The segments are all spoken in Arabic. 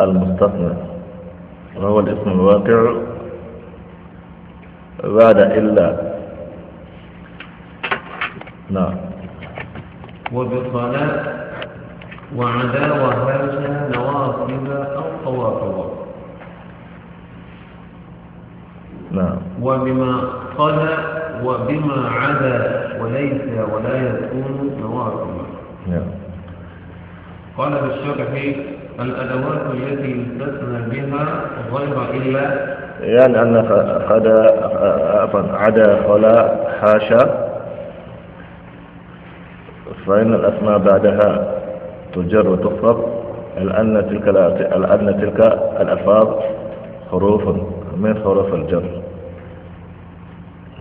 المستثنى وهو الاسم الواقع بعد إلا نعم وبصلاة وعدا وهذا نواصب أو قواطب نعم وبما خلا وبما عدا وليس ولا يكون نواصب نعم قال الشرحي الأدوات التي يستثنى بها غير إلا يعني أن قد عدا خلا حاشا فإن الأسماء بعدها تجر وتخفض لأن تلك لأن تلك الألفاظ حروف من حروف الجر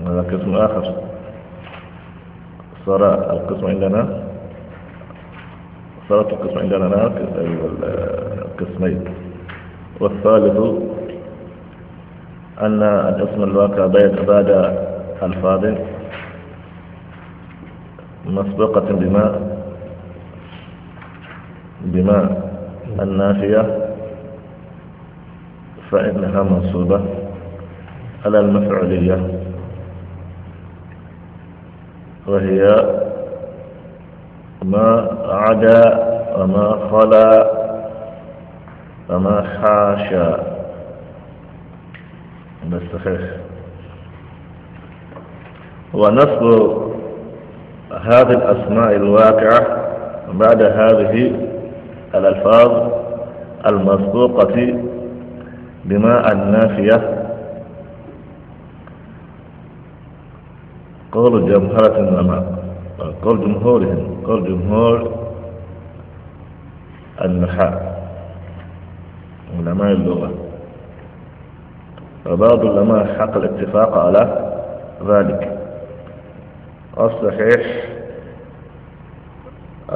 هذا قسم آخر صار القسم عندنا صلاة القسم عندنا هناك أيوة، القسمين والثالث أن الاسم الواقع بعد الفاضل مسبقة بما بما النافية فإنها منصوبة على المفعولية وهي ما عدا وما خلا وما حاشا نستخف ونصب هذه الأسماء الواقعة بعد هذه الألفاظ المسبوقة بما النافية قول جمهرة العلماء قول جمهورهم يقول جمهور النحاء علماء اللغة وبعض العلماء حق الاتفاق على ذلك الصحيح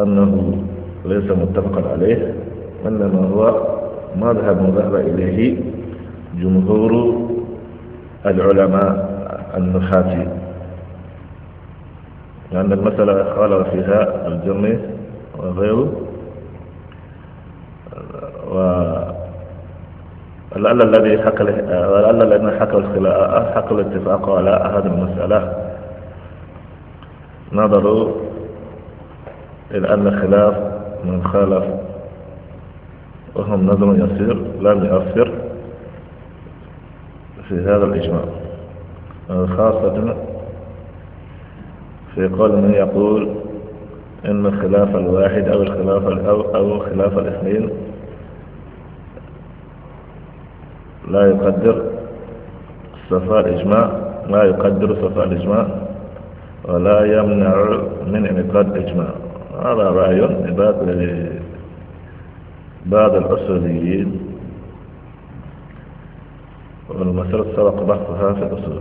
أنه ليس متفقا عليه وإنما هو مذهب ذهب إليه جمهور العلماء النحاة لأن المسألة خالف فيها الجرمي وغيره ولعل الذي حق ولعل الذين حقوا الخلاف حقوا الاتفاق على هذه المسألة نظروا إلى أن الخلاف من خالف وهم نظر يسير لم يؤثر في هذا الإجماع خاصة في من يقول إن الخلاف الواحد أو الخلاف أو أو خلاف الاثنين لا يقدر صفاء الإجماع لا يقدر صفاء الإجماع ولا يمنع من انعقاد الإجماع هذا رأي لبعض بعض الأصوليين والمسألة سبق بحثها في الأصول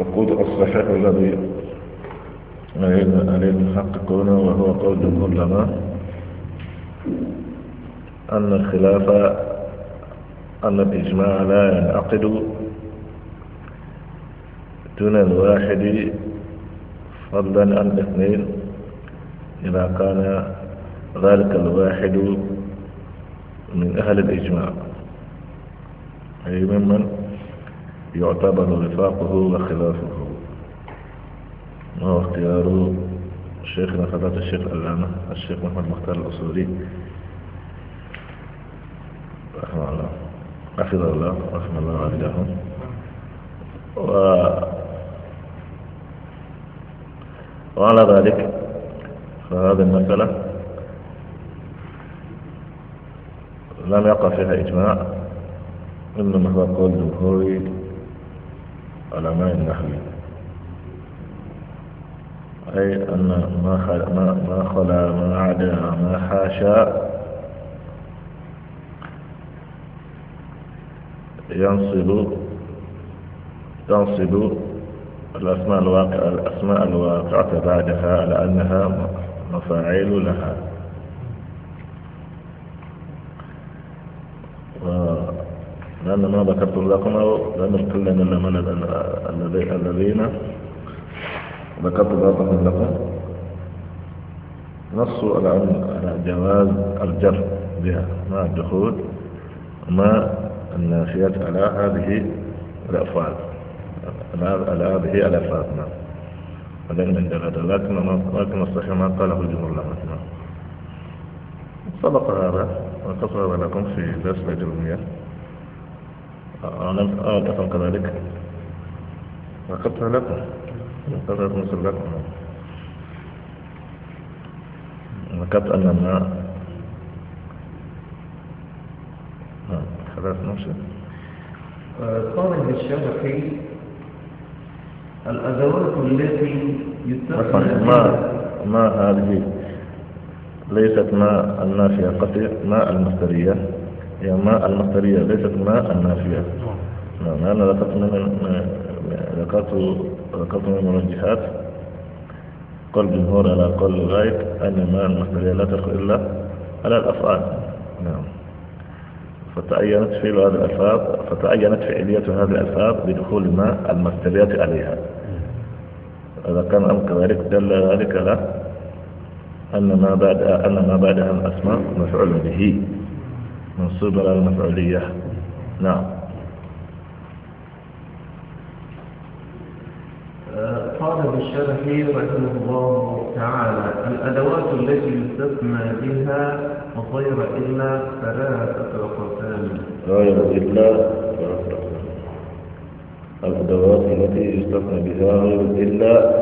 القول الصحيح الذي أن المحققون وهو قول جمهور العلماء أن الخلاف أن الإجماع لا ينعقد دون الواحد فضلا عن اثنين إذا كان ذلك الواحد من أهل الإجماع أي ممن يعتبر وفاقه وخلافه وهو اختيار شيخنا فضيلة الشيخ العلامة الشيخ محمد مختار الأصولي رحمه الله أخذ الله رحمه الله وعافيهم و وعلى ذلك فهذه المسألة لم يقع فيها إجماع إنما هو قول جمهوري على ماء النحل أي أن ما خلا ما خلا ما عدا ما حاشا ينصب تنصب الأسماء الواقعة الأسماء الواقعة بعدها لأنها مفاعيل لها لأن ما ذكرت لكم لأن كلا من من الذين ذكرت لكم لكم نصوا على على جواز الجر بها مع الدخول مع الناشئات على هذه الأفعال على هذه الأفعال نعم هذا من دلالة لكن لكن الصحيح ما قاله الجمهور لما نعم. سبق هذا وقصر لكم في درس الجرمية ألم آية تفهم كذلك ركبتها لكم ركبتها مصر لكم ذكرت أن الماء خلاص نمشي قال ابن الشافعي الأدوات التي يستخدم ما ما هذه ليست ماء النافية قصير ماء المصدرية هي ماء المطرية ليست ماء النافية نعم أنا ذكرت من ذكرت ذكرت من المرجحات قول جمهور على قول الغاية أن ماء المطرية لا تدخل إلا على الأفعال نعم فتعينت فعل هذه الألفاظ فتعينت فعلية هذه الألفاظ بدخول ماء المصدرية عليها إذا كان أم كذلك دل ذلك على أن ما بعد أن ما بعدها الأسماء مفعول به منصوبة على المفعولية نعم قال بالشرح رحمه الله تعالى الأدوات التي يستثنى بها غير إلا ثلاثة أقسام غير إلا ثلاثة أقسام الأدوات التي يستثنى بها غير إلا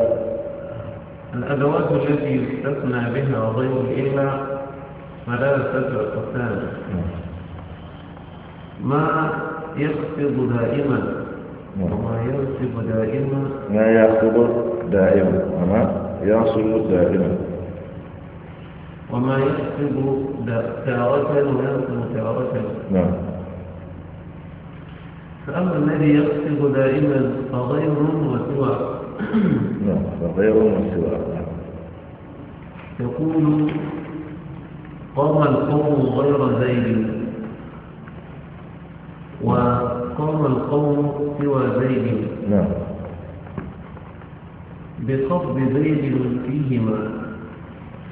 الأدوات التي يستثنى بها غير إلا ثلاثة أقسام نعم. ما يخفض دائما وما نعم. ينصب دائما ما يخفض دائما وما ينصب دائما وما يخفض تارة وينصب تارة نعم فأما الذي يخفض دائما فغير وسوى نعم فغير وسوى يقول قام القوم غير زيد وقام القوم سوى زيد نعم بخفض زيد فيهما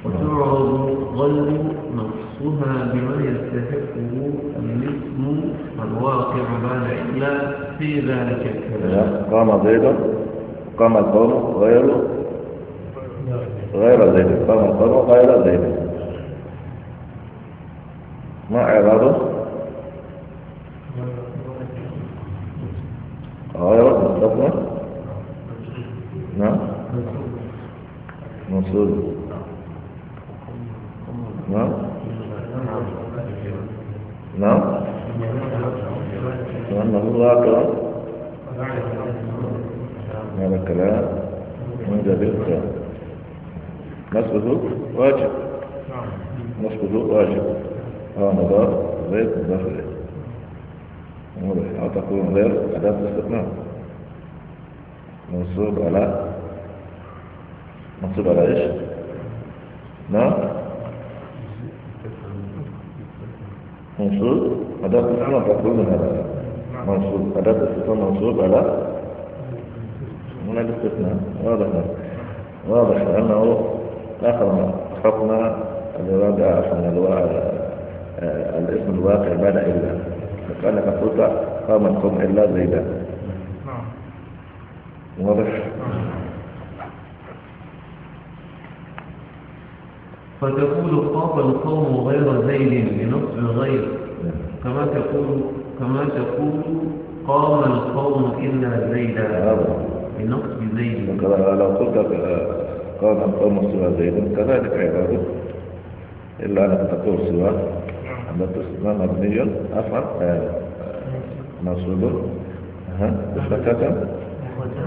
وتعرض غير نقصها بما يستحقه الاسم الواقع بعد إلا في ذلك الكلام نعم. قام زيد قام القوم غير غير زيد قام القوم غير زيد ما اعراضه نعم نعم نعم هذا نعم نعم نعم نعم واجب نعم واجب هذا مضاف نعم مضاف إليه نعم أو تكون غير أداة استثناء منصوب على منصوب على إيش؟ نعم منصوب أداة الاستفهام تقول من هذا منصوب أداة الاستفهام منصوب على من الاستثناء واضح واضح لأنه آخر حكم الإرادة عشان آه، الاسم الواقع بعد إلا لك قلت قام القوم إلا زيدا نعم. واضح نعم. فتقول خاف القوم غير زيد بنصب الغير كما تقول كما تقول قام القوم إلا زيدا بنصب زيد لو قلت قام القوم سوى زيد كذلك عباده إلا أن تقول سوى أن تسمى مبني أفعل آه، منصوب بفتحة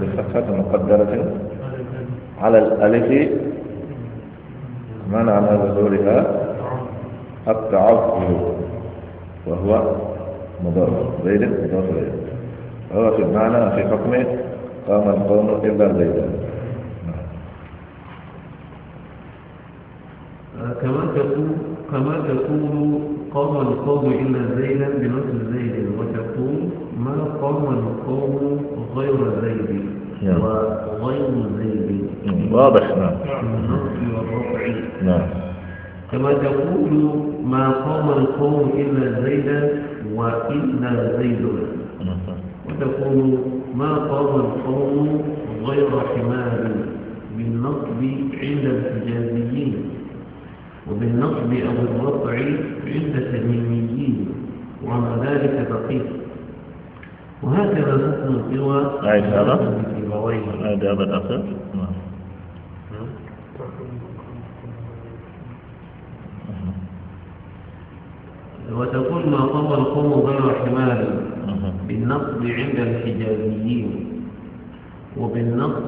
بفتحة مقدرة على الألف منع من ظهورها التعظم وهو مضر زيد مضر زيد هو في المعنى في حكمه قام القوم إلا زيدا آه، كما تقول كما تقول قام القوم إلا زيدا بنص زيد وتقول ما قام القوم غير زيد نعم. وغير زيد واضح نعم نعم كما تقول ما قام القوم إلا زيدا وإلا زيد وتقول ما قام القوم غير حمار بالنصب عند الحجازيين وبالنصب أو الرفع عند التميميين وعلى ذلك بقيت وهكذا الحكم القوى عيد هذا عيد هذا الأخير نعم, نعم. وتكون ما طوى القوم غير حمال بالنصب عند الحجازيين وبالنصب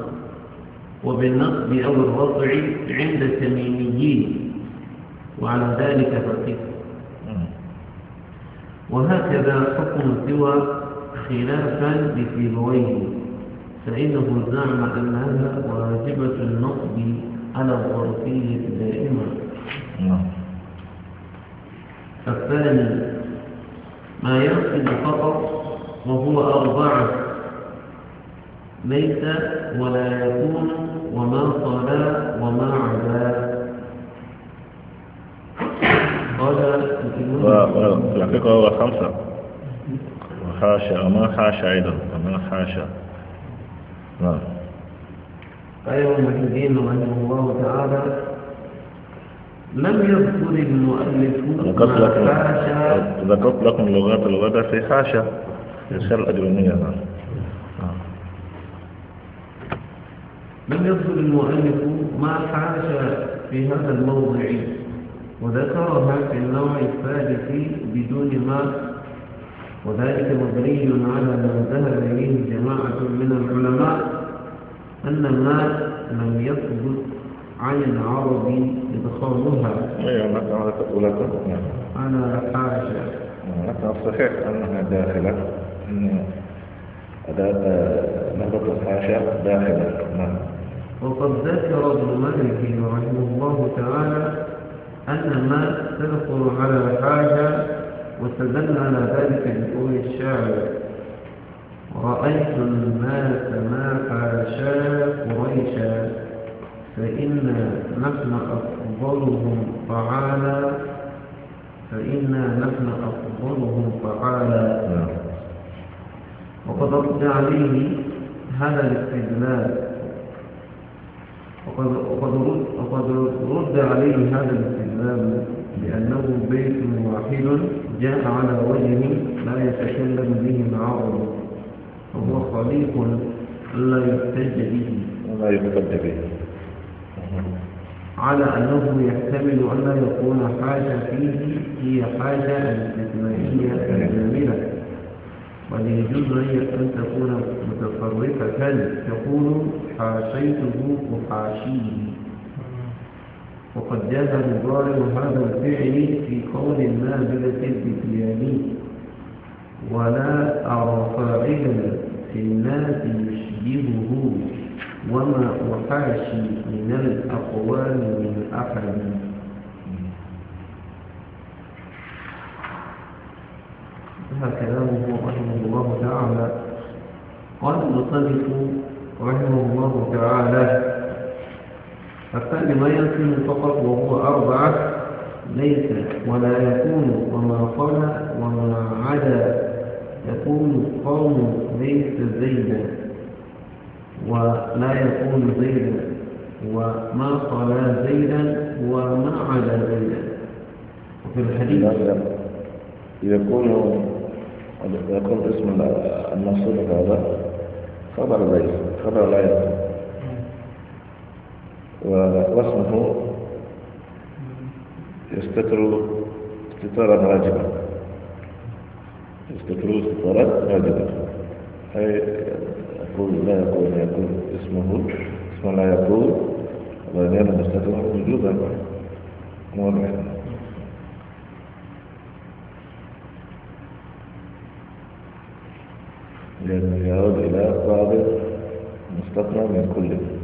وبالنصب أو الرفع عند التميميين وعلى ذلك فقه وهكذا حكم السوى خلافا لسيبويه فإنه زعم أنها واجبة النصب على الظرفية دائما نعم. الثاني ما يقصد فقط وهو أربعة ليس ولا يكون وما صلى وما عدا قال في الحقيقة هو خمسة حاشا ما حاشا أيضا ما حاشا نعم أيضا تدين رحمه الله تعالى لم يذكر المؤلف ذكرت لكم ذكرت لكم لغات الغدا في حاشا في الشر الأجرمية نعم لم يذكر المؤلف ما حاشا في هذا الموضع وذكرها في النوع الثالث بدون ما وذلك مبني على ما ذهب إليه جماعة من العلماء أن ما لم يثبت عن العرب إدخالها أيوة تقول أنا حاشا صحيح أنها داخلة أداة آه، نهضة الحاشا داخلة نعم وقد ذكر ابن مالك رحمه الله تعالى أن ما تدخل على الحاجة واستدل على ذلك بقول الشاعر رأيت الناس ما حاشا قريشا فإن نحن أفضلهم طعالا فإنا نحن أفضلهم طعالا وقد رد عليه هذا الاستدلال وقد رد عليه هذا الاستدلال لأنه بيت واحد جاء على وجه لا يتكلم به معارض وهو خليق لا يحتج به ولا يحتج به على أنه يحتمل أن لا يكون حاجة فيه هي حاجة استثنائية كاملة بل يجوز أن تكون متفرقة تقول حاشيته وحاشيه وقد جاز مضارع هذا الفعل في قول النابلة الفتياني ولا أرى فاعلا في الناس يشبهه وما أحاشي من الأقوال من أحد هذا كلامه رحمه الله تعالى قال المصنف رحمه الله تعالى الثاني ما يمكن فقط وهو أربعة ليس ولا يكون وما قال وما عدا يكون قوم ليس زيدا ولا يكون زيدا وما قال زيدا وما عدا زيدا وفي الحديث يكون يكون اسم المنصوب هذا خبر ليس خبر لا يكون واسمه يستتر استترا راجبا يستتر استترا راجبا أي يقول لا يقول لا يقول اسمه اسمه لا يقول وينال مستتر وجودا واضح لأنه يعود إلى بعض مستقر من كل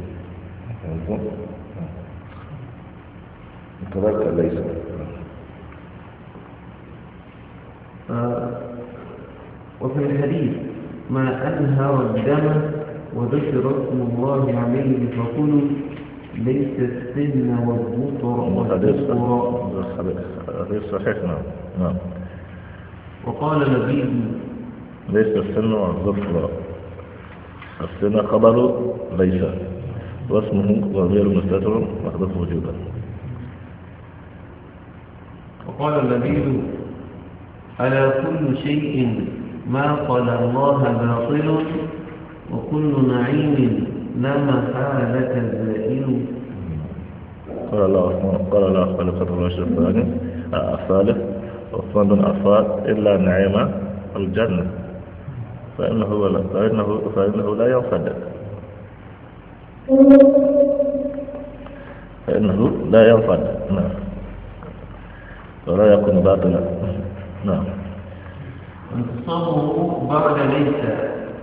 كذلك ليس آه، وفي الحديث ما أنهى الدم وذكر اسم الله عليه فقلوا ليس السن والبطر والبطر غير صحيح نعم نعم وقال نبي ليس السن والظفر السن خبر ليس واسمه غير مستتر محذوف وجودا وقال اللبيد على كل شيء ما قال الله باطل وكل نعيم لا محالة زائل قال الله قال الله قال الله أصمان الثالث عثمان دون عفان إلا نعيم الجنة فإنه لا فإنه فإنه لا ينفد فإنه لا ينفد نعم ولا يكون باطلا نعم الصبر بعد ليس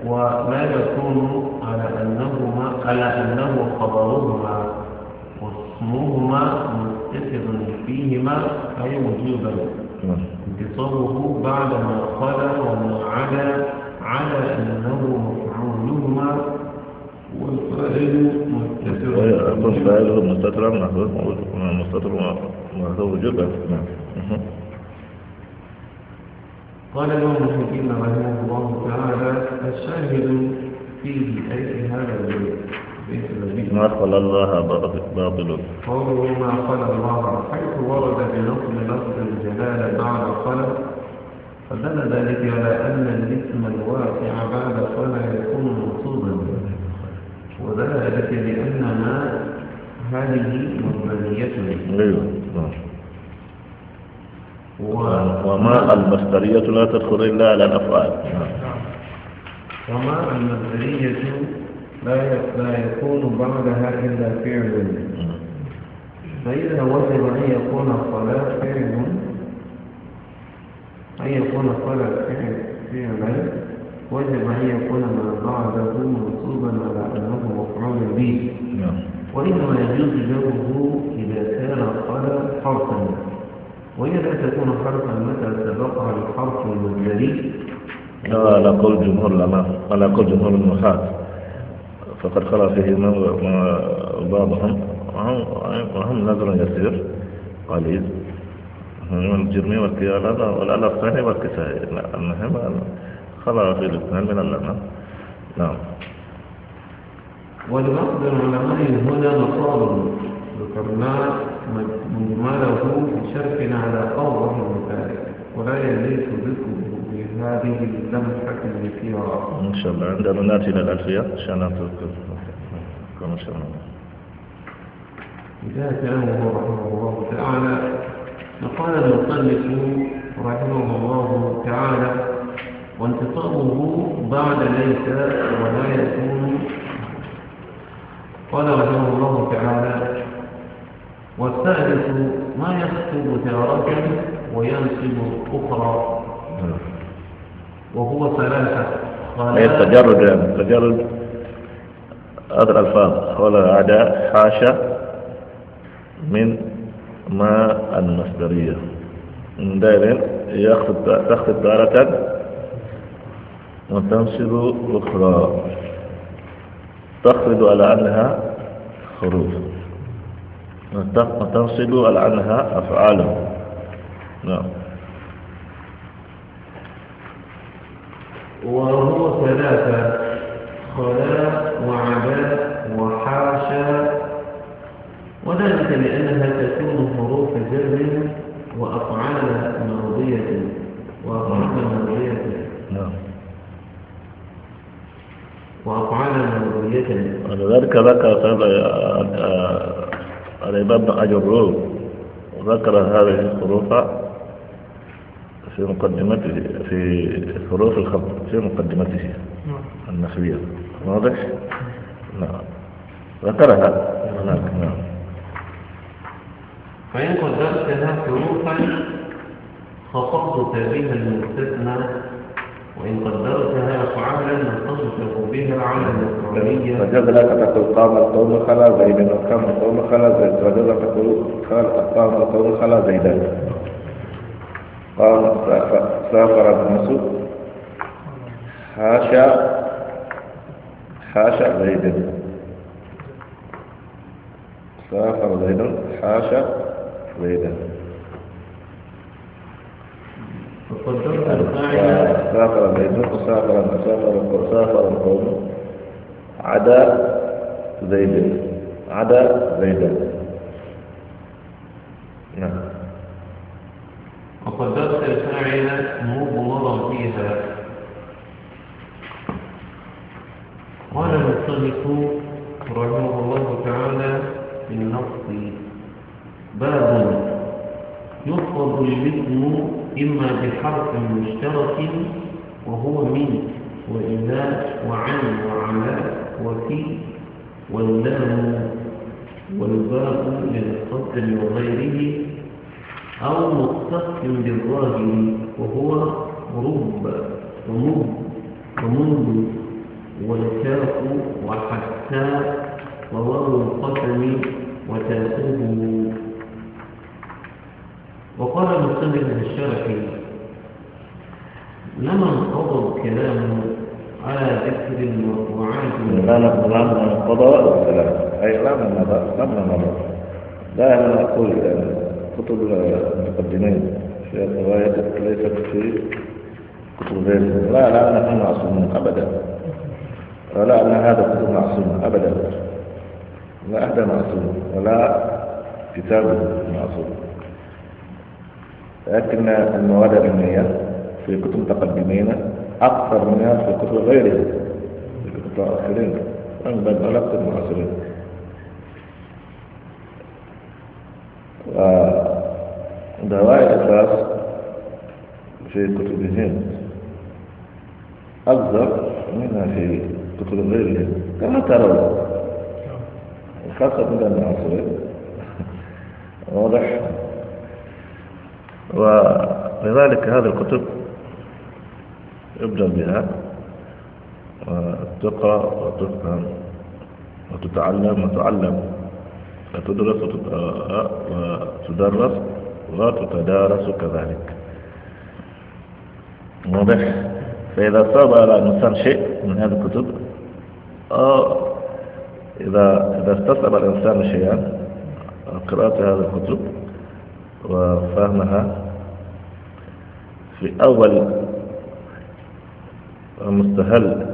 وما يكون على أنهما على أنه خبرهما واسمهما متصل فيهما أي وجوبا انتصابه بعد ما خلا وما عدا على أنه مفعولهما والفاعل مستتر ويكون فاعله مستتر محذوف مستتر محذوف جدا نعم قال الإمام الحكيم رحمه الله تعالى الشاهد فيه أي هذا البيت ما خلى الله باطل قوله ما خلى الله حيث ورد بنصب لفظ الجلال بعد خلى فدل ذلك على أن الاسم الواقع بعد خلى يكون ودل وذلك لأن ما هذه مبنيه أيوه نعم. وما المصدرية لا تدخل إلا على الأفعال وما المصدرية لا يكون بعدها إلا فعل فإذا وجب أن يكون الصلاة فعل أن يكون الصلاة فعلا وجب أن يكون ما بعده منصوبا على أنه مفعول به نعم. وإنما يجوز جره إذا كان الصلاة حرفا وهي لا تكون حرفا متى سبقها الحرف المبتدي لا قول جمهور العلماء لا قول جمهور النحاة فقد خلى فيه بعضهم وهم نظر يسير قليل من الجرمي والكيال والألف الثاني والكسائي المهم خلا في الاثنين من اللعنة نعم والمصدر العلماء هنا مصادر ذكرناه مجمله شرك على قوله ذلك ولا يليق بكم بهذه اللمحة فيها إن شاء الله عندما نأتي إلى الألفية عشان كما شاء الله إذا كلامه رحمه الله تعالى فقال المصنف رحمه الله تعالى وانتصابه بعد ليس ولا يكون قال رحمه الله تعالى والثالث ما يخطب تارة وينصب أخرى وهو ثلاثة هي التجرد يعني، التجرد هذا الألفاظ حول أعداء حاشا من ما المصدرية من دائما يخطب تارة وتنصب أخرى تخرج على أنها خروف وتنصب عنها أفعاله نعم وهو ثلاثة خلاء وعباء وحاشا وذلك لأنها تكون حروف جر وأفعال مرضية وأفعال مرضية نعم وأفعال مرضية ولذلك ذكر باب معاج الروم وذكر هذه الحروف في مقدمته في حروف الخط في مقدمته النخبية واضح؟ نعم ذكرها هناك نعم فإن قدرتها حروفا خفضت بها المستثنى وإن قدرتها أفعالا منتصف بها على الإسرائيلية وجد لك تقول قام القوم خلا زيدا وقام القوم خلا زيدا وجد لك تقول قام القوم خلا زيدا قام سافر ابن مسعود حاشا حاشا زيدا سافر زيدا حاشا زيدا سافر سافر سافر القوم عدا زيد عدا زيد نعم وقدرت الفاعل مضمرا فيها قال المصنف رحمه الله تعالى في النص باب يطلب الاسم إما بحرف مشترك وهو من وإذا وعن وعلى وفي واللام والباء للقدر وغيره أو مستقيم بالراجل وهو رب ومب ومنذ والكاف وحتى وواو القسم وتاسوه وقال المصنف الشرح لمن قضى الكلام على ذكر المرفوعات لما لما انقضى الكلام أي لمن مضى لمن مضى لا أنا أقول كتب المقدمين في الروايات ليست في كتب ذلك لا لا نحن معصومون أبدا ولا أن هذا كتب معصوم أبدا لا أحد معصوم ولا كتاب معصوم لكن المواد العلمية في كتب متقدمين أكثر منها في كتب غيره في كتب متأخرين أنا بين أكثر معاصرين ودواعي الأساس في كتبهم أكثر منها في كتب غيرهم كما ترون خاصة من المعاصرين واضح ولذلك هذه الكتب ابدأ بها وتقرأ وتفهم وتتعلم وتعلم وتدرس وتدرس وتتدارس كذلك واضح فإذا صاب على الإنسان شيء من هذه الكتب أو إذا إذا استصعب الإنسان شيئا قراءة هذه الكتب وفهمها في أول مستهل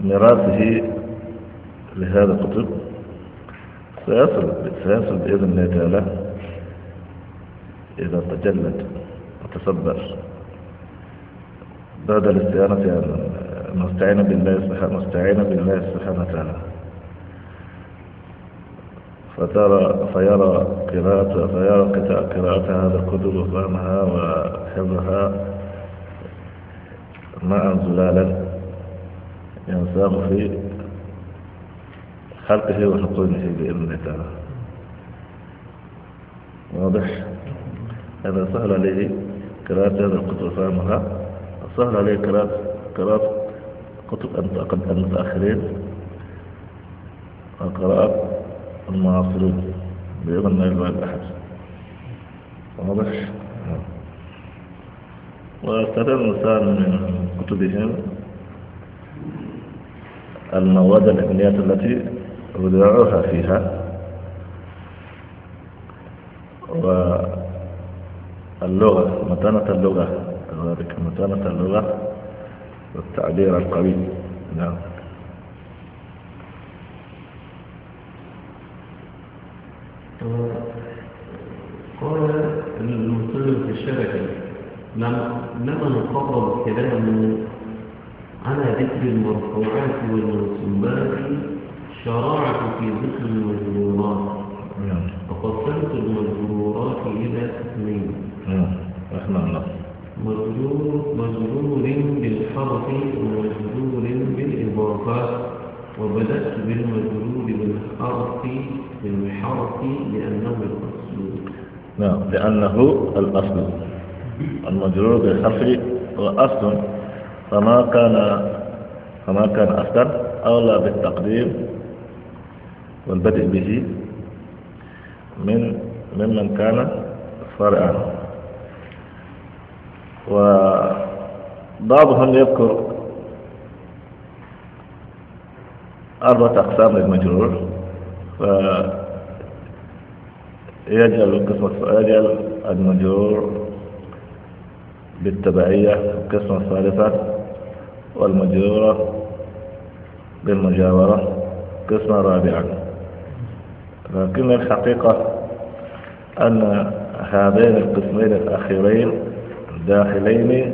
ميراثه لهذا القطب سيصل سيصل بإذن الله تعالى إذا تجلد وتصبر بعد الاستعانة يعني مستعينا بالله سبحانه مستعينا بالله سبحانه وتعالى فترى فيرى قراءة فيرى قراءة هذا الكتب وفهمها وحفظها ماء زلالا ينساق في خلقه بإذن الله تعالى واضح هذا سهل عليه كرات هذا القطب فهمها سهل عليه قراءة قراءة كتب المتأخرين وقراءة المعاصرين بإذن الله الأحد واضح نعم. ويستفيد الإنسان من كتبهم المواد العلمية التي ودعوها فيها واللغة متانة اللغة كذلك متانة اللغة والتعبير القوي نعم قال المتلف في الشبكة لما انقطع كلامه على ذكر المرفوعات والمنصوبات شرعت في ذكر المجرورات نعم. وقسمت المجرورات إلى اثنين نعم. رحمه الله مجرور مجرور بالحرف ومجرور بالإضافة وبدأت بالمجرور بالحرف بالحرف لأنه الأصل نعم لأنه الأصل المجرور هو أصل فما كان فما كان أصلا أولى بالتقديم والبدء به من ممن كان فرعا وبعضهم يذكر أربعة أقسام للمجرور فيجعل القسم يجعل المجرور بالتبعية القسمة الثالثة والمجرورة بالمجاورة قسمة رابعة لكن الحقيقة أن هذين القسمين الأخيرين داخلين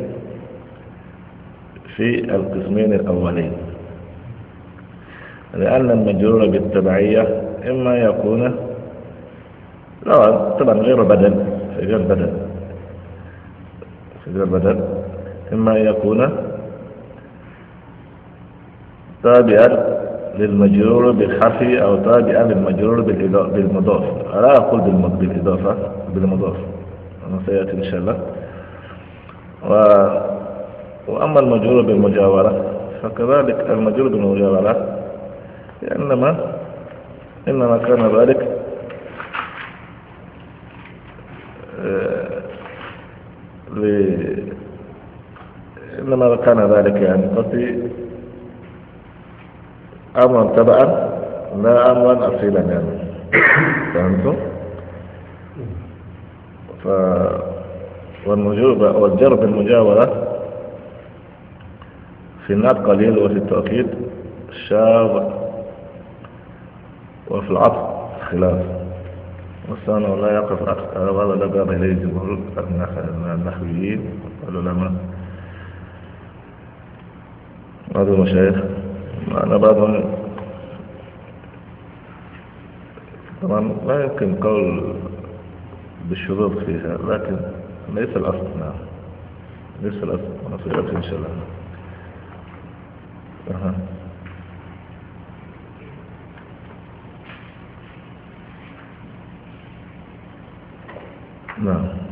في القسمين الأولين لأن المجرور بالتبعية إما يكون لا طبعا غير بدل غير بدل إذا بدل إما أن يكون تابعا للمجرور بالحرف أو تابعا للمجرور بالمضاف لا أقول بالإضافة بالمضاف أنا سيأتي إن شاء الله و... وأما المجرور بالمجاورة فكذلك المجرور بالمجاورة إنما إنما كان ذلك إنما كان ذلك يعني قصدي أمرا تبعا لا أمرا أصيلا يعني فهمتم؟ ف والمجوبة والجر بالمجاورة في النار قليل وفي التوكيد شاب وفي العطف خلاف والثاني لا يقف هذا لا باب إليه جمهور النحويين والعلماء بعض المشايخ معنا بعضهم طبعا لا يمكن قول بالشذوذ فيها لكن ليس الأصل نعم ليس الأصل ونصيحة إن شاء الله أه. نعم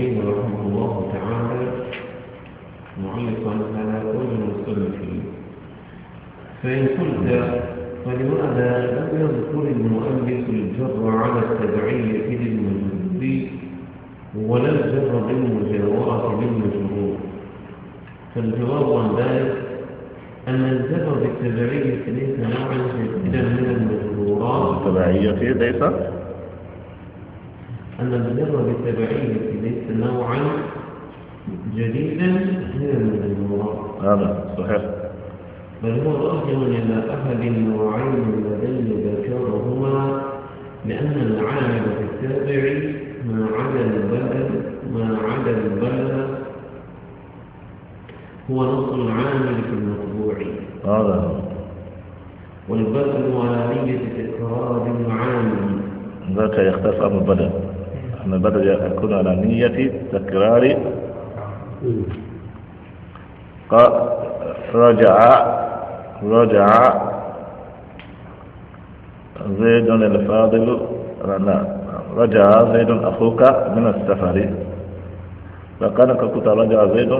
القيم رحمه الله تعالى معلقا على كل المسلمين فإن قلت فلماذا لم يذكر المؤلف الجر على التبعية للمجرد ولا الجر بالمجاورة للمجرور فالجواب عن ذلك أن الجر بالتبعية ليس نوعا جديدا من المجرورات التبعية ليس أن البر بالتبعية ليس نوعا جديدا من المراد هذا صحيح بل هو راجع إلى أحد النوعين اللذين ذكرهما لأن العامل في التابع ما عدا البدل ما عدا البدل هو نص العامل في المطبوع هذا والبدل على نية إقرار العامل ذاك يختلف أمر البدل أن البدل يكون على نية تكرار رجع رجع زيد الفاضل رنا رجع زيد أخوك من السفر فكان كنت رجع زيد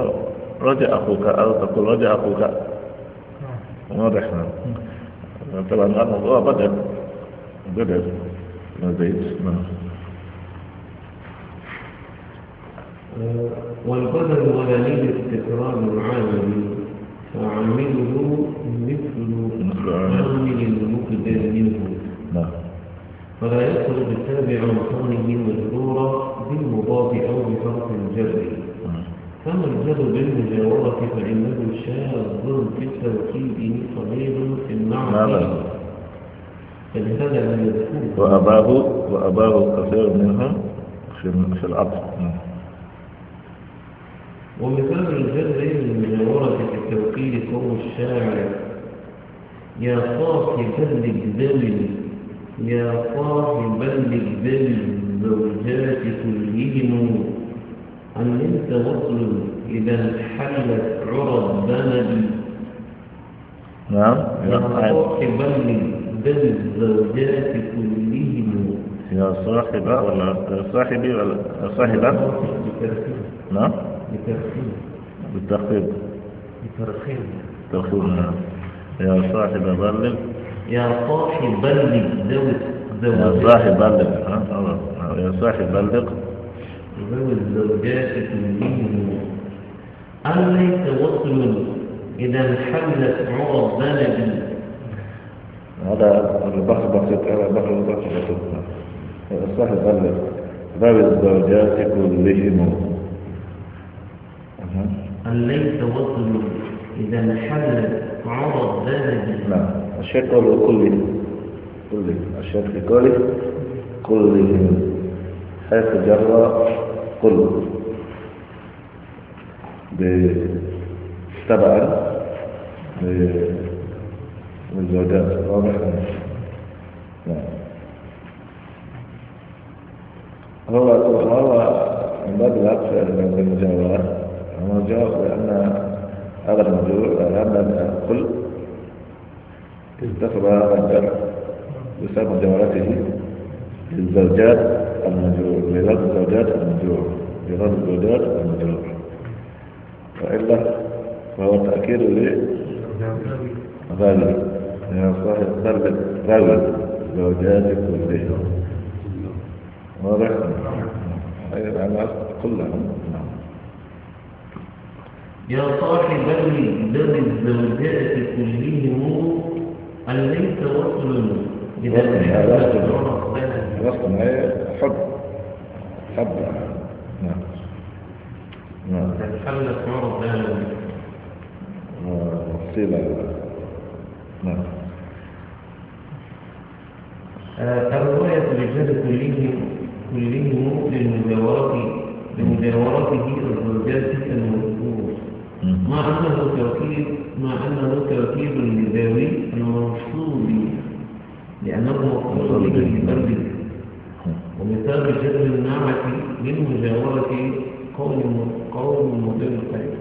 رجع أخوك أو تقول رجع أخوك واضح طبعا هذا بدل بدل زيد نعم والبدل ولليل التكرار العالمي فعمله مثل عامل المقدر منه نعم. فلا يخرج بالتابع مكانه مجرورا بالمضاف او بفرق الجر نعم. فما الجد بالمجاورة فإنه شاذ في التوكيد صغير في النعم فلهذا لم يذكره وأباه وأباه كثير منها في العطف نعم. ومثال الجر المجاورة في التوكيل قول الشاعر يا صاحبا دم يا صاحبا دم زوجات كلهم علمت وصل إذا انحلت عرى البلد نعم يا صاحبا دم زوجات كلهم يا صاحبة ولا صاحبي ولا صاحبة نعم بترخيص بالتخفيض بترخيص ترخيص يا صاحب بلغ يا صاحب بلغ ذوي يا صاحب بلغ ها يا صاحب بلغ ذوي الزوجات منه أن ليس وصل إذا حملت عرض بلدي هذا البحث بسيط هذا البحث بسيط صاحب بلغ ذوي الزوجات كلهم أن ليس وصل إذا حل عرض ذلك لا نعم. الشيخ قال كل كل الشيخ قال كل حيث جرى كل تبعا للزوجات واضح نعم هو هو من باب العقل من المجاورات هو جاوب لأن هذا الموضوع أن الكل اتصل هذا الجرح بسبب جوارته للزوجات المجرور لغاية الزوجات المجرور لغاية الزوجات المجرور وإلا فهو تأكيد لغاوي يا صاحب ضرب غاوي زوجاتك كلهم واضح؟ أي على كلهم يا صاحب باب الزوجات كلهم أليس وصلا بهذا الحلال وصلا هي حب حب نعم نعم تتحلف مرض صلة نعم الرواية الرجال كلهم كلهم للمجاورة لمجاورته الزوجات المسلمة مع أنه تركيب مع أنه تركيب للباوي الموصول لأنه مقصود بالبرد ومثال جذب النعمة من مجاورة قوم قوم مدير القيس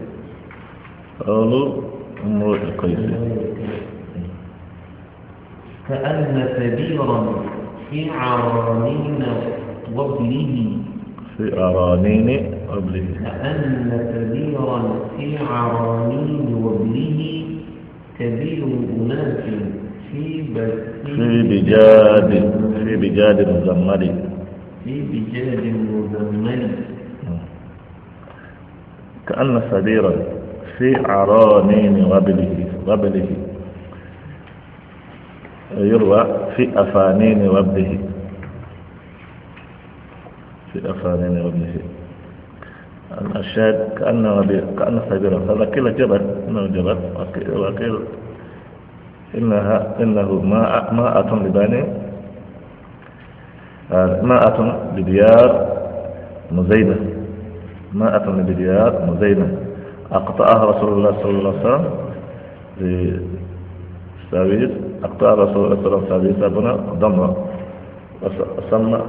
قالوا أمر القيس كأن سبيرا في عرانين وابنه في عرانين قبله كأن كبيرا في عراني وابنه كبير أناس في في بجاد في بجاد مزمل في بجاد مزمل كأن صغيرا في عرانين وابنه وابنه يروى في أفانين وابنه في أفانين وابنه الشاة كأنها كأن سبيرة هذا كلا جبل إنه جبل وكيل إنها إنه ماء ماءة لبني آه، ماءة لديار مزينة ماءة لديار مزينة أقطعها رسول الله صلى الله عليه وسلم بساويس أقطع رسول الله صلى الله عليه وسلم ساويس أبنا ضمه وسمى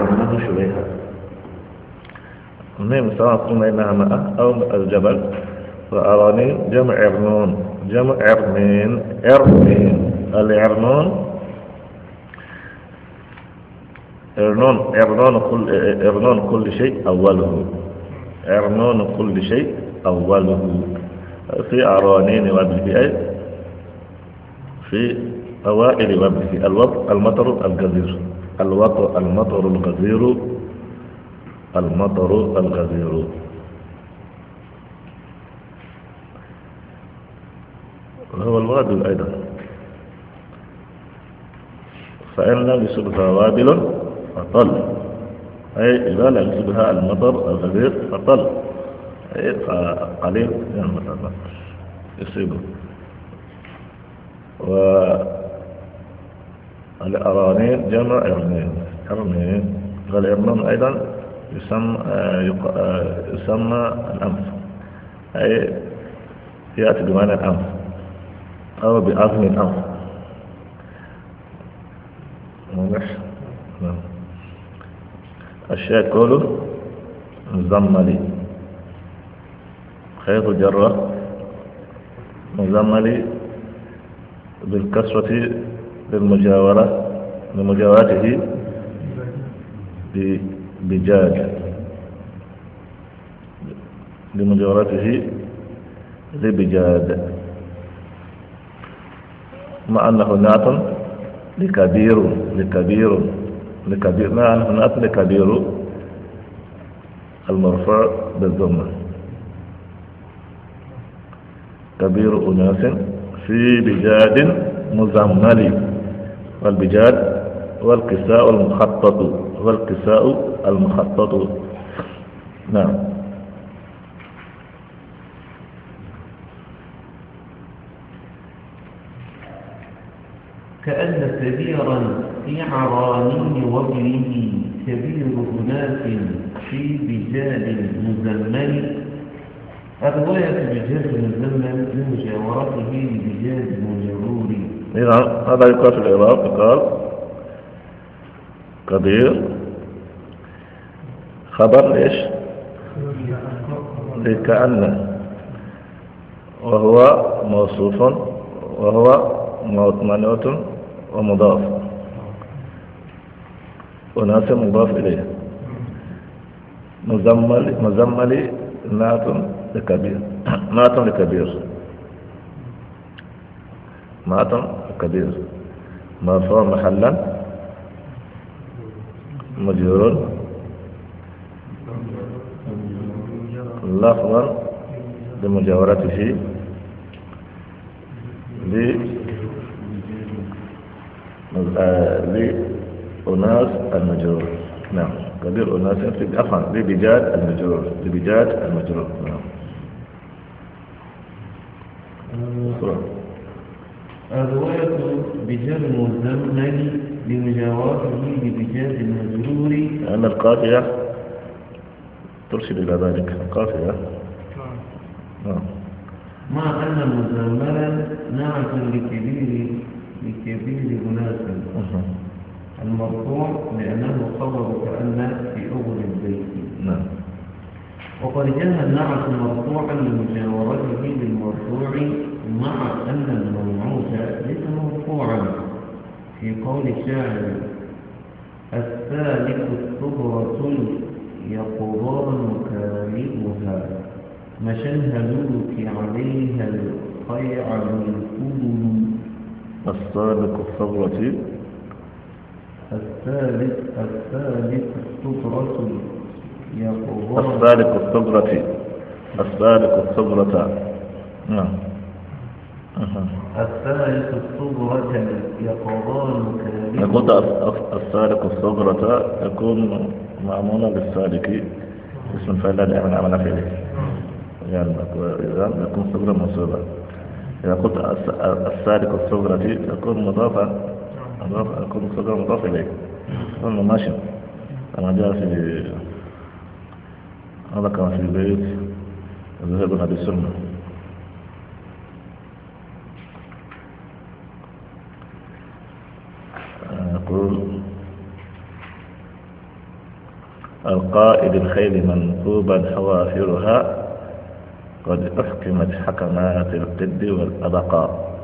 سموه شليها المهم سواء قلنا إنها ماء أو الجبل فأراني جمع عرنون جمع عرنين عرنين العرنون عرنون عرنون كل عرنون كل شيء أوله عرنون كل شيء أوله في أرانين وابل في في أوائل وابل الوطء المطر القدير الوطء المطر القدير المطر الغزير وهو الوادل أيضا فإن لم يصبها وادل فطل أي إذا لم يصبها المطر الغزير فطل أي فقليل من المطر يصيبه الأرانين جمع إرنين إرنين والإرنان أيضا يسمى, آه، آه، يسمى الأنف أي يأتي بمعنى الأنف أو بعظم الأنف واضح؟ نعم الشيء كله مزملي خيط جرة مزملي بالكسرة للمجاورة لمجاورته بجاج لمجاورته لبجاد مع أنه نعت لكبير لكبير لكبير مع أنه نعت لكبير المرفوع بالضمة كبير أناس في بجاد مزمل والبجاد والكساء المخطط والكساء المخطط نعم كأن كبيرا في عراني وجهه كبير هناك في بجال مزمن الرواية بجال مزمن لمجاورته بجال مجرور هذا يقال في العراق قال قدير خبر إيش لكأن وهو موصوف وهو مطمئنة ومضاف وناس مضاف إليه مزمل مزمل نات لكبير نات لكبير نات لكبير مرفوع محلا مجرور لفظا لمجاورته آه، لأناس المجرور نعم قدير أناس عفوا لبجاد المجرور لبجاد المجرور نعم الرواية آه، بجاد مزمل لمجاورته بجاز المجرور أن القافية ترشد إلى ذلك القافية نعم مع أن المزمرة نعت لكبير لكبير هناك المرفوع لأنه خبر كأن في أول البيت نعم وقد جاء النعت مرفوعا لمجاورته للمرفوع مع أن الموعود ليس مرفوعا في قول الشاعر السالك الصبرة يقضان كاربها مشنها ملك عليها الخيع من السالك الصبرة الثالث الثالث الصبرة يقضان السالك الصبرة السالك الصبرة نعم الثالث الصغرى يقضان كلمة يقول السالك الصغرة يكون معمولا بالسالك اسم فعل لا يعمل عمل فعله يعني إذا يكون صغرة مصوبة إذا قلت السالك الصغرى يكون مضافة مضافة يكون صغرى مضافة إليك ثم مماشي كما جاء في هذا كان في البيت ذهبنا بالسنه القائد الخيل منكوبا حوافرها قد أحكمت حكمات القد والأبقاء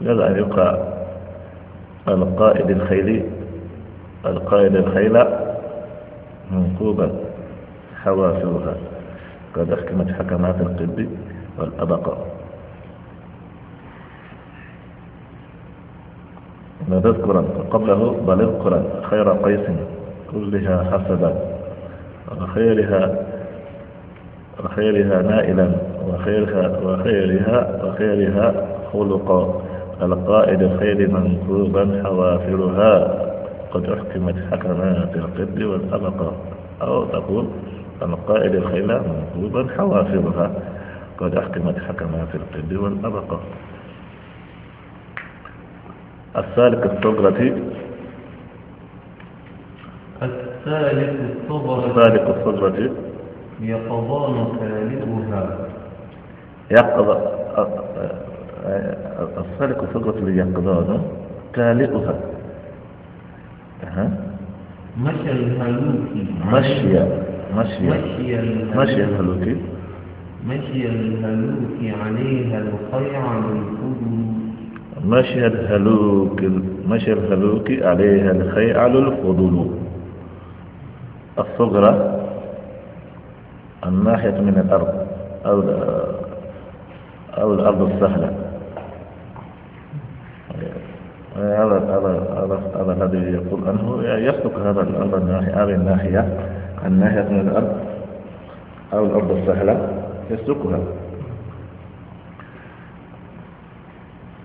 يلا أن يقع القائد الخيل القائد الخيل منصوبا حوافرها قد أحكمت حكمات القد والأبقاء لا تذكرا قبله بل اذكرا خير قيس كلها حسبا وخيرها وخيرها نائلا وخيرها وخيرها وخيرها خلقا القائد خير منكوبا حوافرها قد أحكمت حكمات القد والأبقى أو تقول القائد الخيل منكوبا حوافرها قد أحكمت حكمات القد والأبقى السالك الصغرة السالك الصبر السالك الصبر يقظان ثالثها يقظ السالك الصبر اليقظان تالئها أه. مشى الهلوكي مشي مشي مشي الهلوكي مشي الهلوكي, مشي الهلوكي عليها القيع بالفضل مشى الهلوكي مشى الهلوكي عليها الخيعل الفضل الصغرى الناحية من الأرض أو أو الأرض السهلة هذا هذا الذي يقول أنه يسلك هذا الأرض الناحية هذه الناحية الناحية من الأرض أو الأرض السهلة يسلكها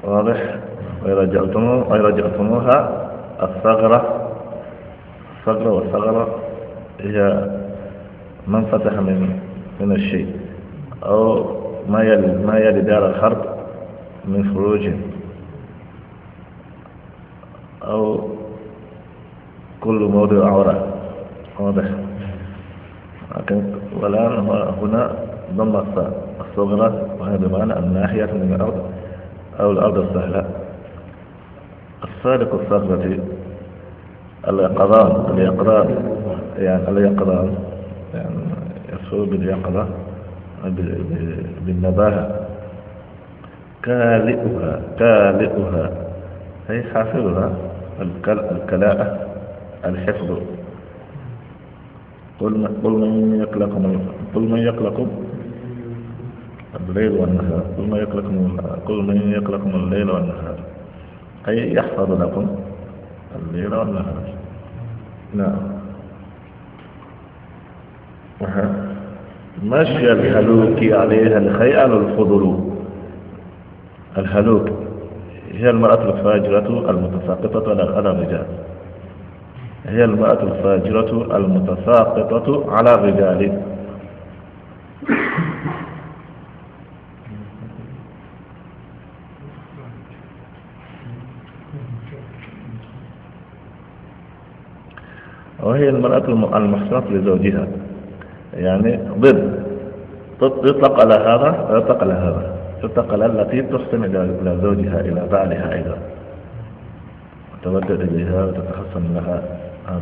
واضح وإذا جئتموها الثغرة الثغرة والثغرة هي من فتح من من الشيء أو ما يلي ما يلي دار الحرب من فروج أو كل موضع عورة واضح لكن والآن هنا ضم الصغرى وهي بمعنى الناحية من الأرض أو الأرض السهلة السارق الصغرة اليقظان اليقظان يعني اليقظة يعني يشعر باليقظة بالنباهة كالئها كالئها هي حافظها الكلاءة الحفظ قل قل من يقلقكم قل من يقلقكم الليل والنهار قل من يقلقكم قل من يقلقكم الليل والنهار أي يحفظ لكم الليل والنهار نعم مشي الهلوك عليها الخيال الخضر الهلوك هي المرأة الفاجرة المتساقطة على الرجال هي المرأة الفاجرة المتساقطة على الرجال وهي المرأة المحصنة لزوجها يعني ضد يطلق على هذا ويطلق على هذا يطلق على التي تحسن إلى زوجها إلى بعلها أيضا تتودد إليها وتتحسن لها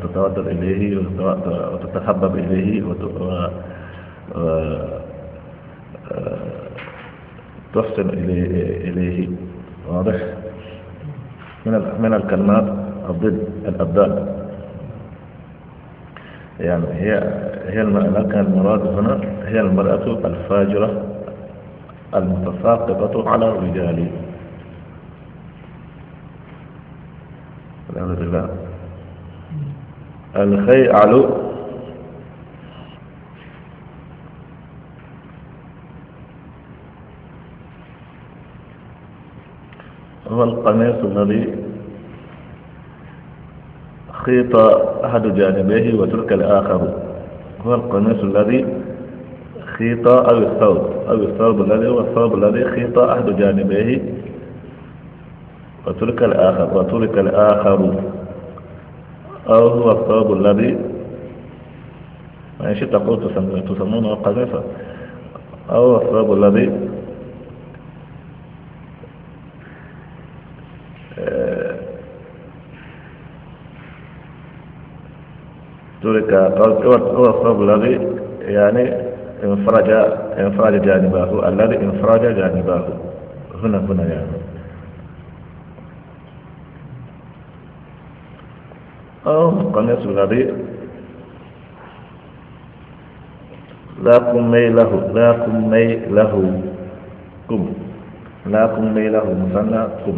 تتودد إليه وتتحبب إليه وتحسن إليه واضح من من الكلمات الضد الأبدال يعني هي هي لكن المراد هنا هي المرأة الفاجرة المتساقطة على الرجال لله. بالله الخيعل هو القميص الذي خيط أحد جانبيه وترك الآخر هو القميص الذي خيط أو الثوب أو الثوب الذي هو الثوب الذي خيط أحد جانبيه وترك الآخر وترك الآخر أو هو الثوب الذي ما إن شئت تسمونه قميصا أو الثوب الذي ذلك الذي يعني انفرج انفرج جانبه الذي انفرج جانبه هنا هنا يعني أو قناة الذي لا كم له لا كم له كم لا كم له مثنى كم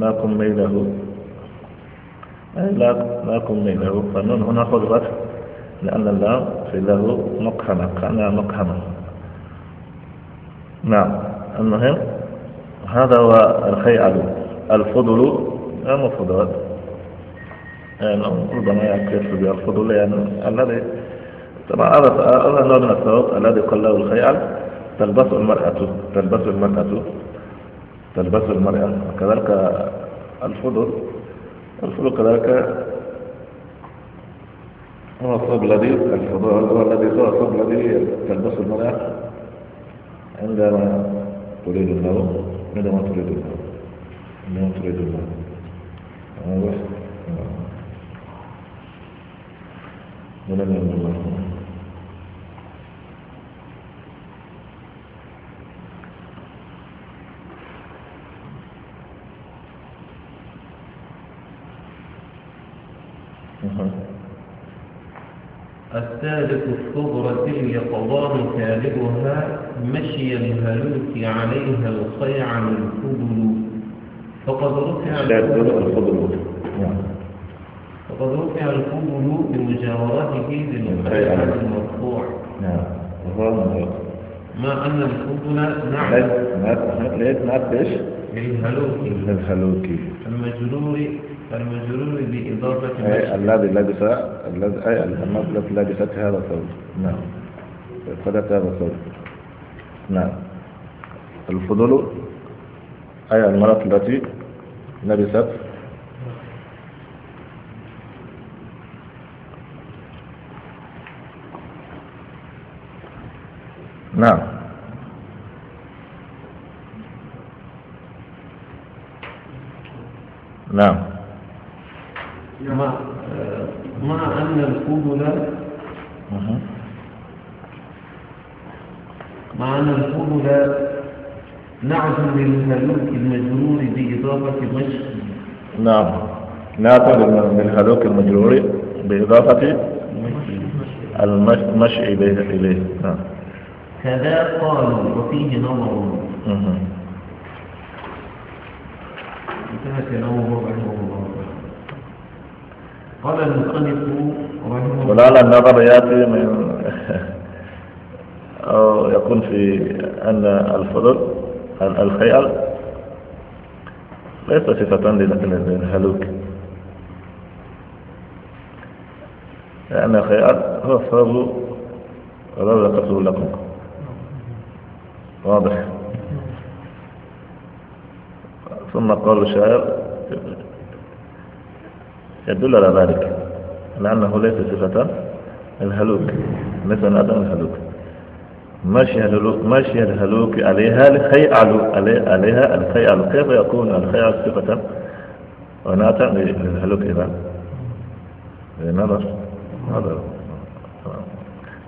لا كم له لا لا له فنون هنا حذفت لأن اللام في له مقحمة كان مقحمة نعم المهم هذا هو الخيال الفضل أم الفضلات يعني ربما يعكس بالفضل يعني الذي طبعا هذا نوع من الثواب الذي قال له الخيال تلبسه المرأة تلبسه المرأة تلبسه المرأة وكذلك الفضل الفلوق ذاك هو الصبل الذي الفضاء هو الذي هو الصبل الذي تلبسه المرأة عندما تريد النوم عندما تريد النوم عندما تريد النوم من ولم يمن الله الثالث الصغرى يقضان كالبها مشي الهلوك عليها الخيعم الكبل فقد رفع الكبل فقد رفع الكبل بمجاورته للخيعم المرفوع نعم ما أن الكبل نعم ليت نعم ايش الهلوكي الهلوكي المجرور فالمجرور بإضافة أي الذي لبس الذي أي التي لبست هذا الثوب نعم ارتدت هذا الثوب نعم الفضول أي المرأة التي لبست نعم نعم مع مع أن القبلة مع أن الخذل من نعم. للهلوك المجرور بإضافة مشق نعم من للهلوك المجرور بإضافة المشي إليه إليه نعم كذا قال وفيه نظر انتهت نومه رحمه الله قال المصنف ولعل النظر يأتي من أو يكون في أن الفضل الخيال ليس صفة الهلوك لأن الخيال هو الصبر ولولا قتل لكم واضح ثم قال الشاعر يدل على ذلك لأنه ليس صفة الهلوك مثل عدم الهلوك ماشي الهلوك ماشي الهلوك عليها الخيال عليها الخيال كيف يكون الخيال صفة ونأتى للهلوك إذا لنظر نظر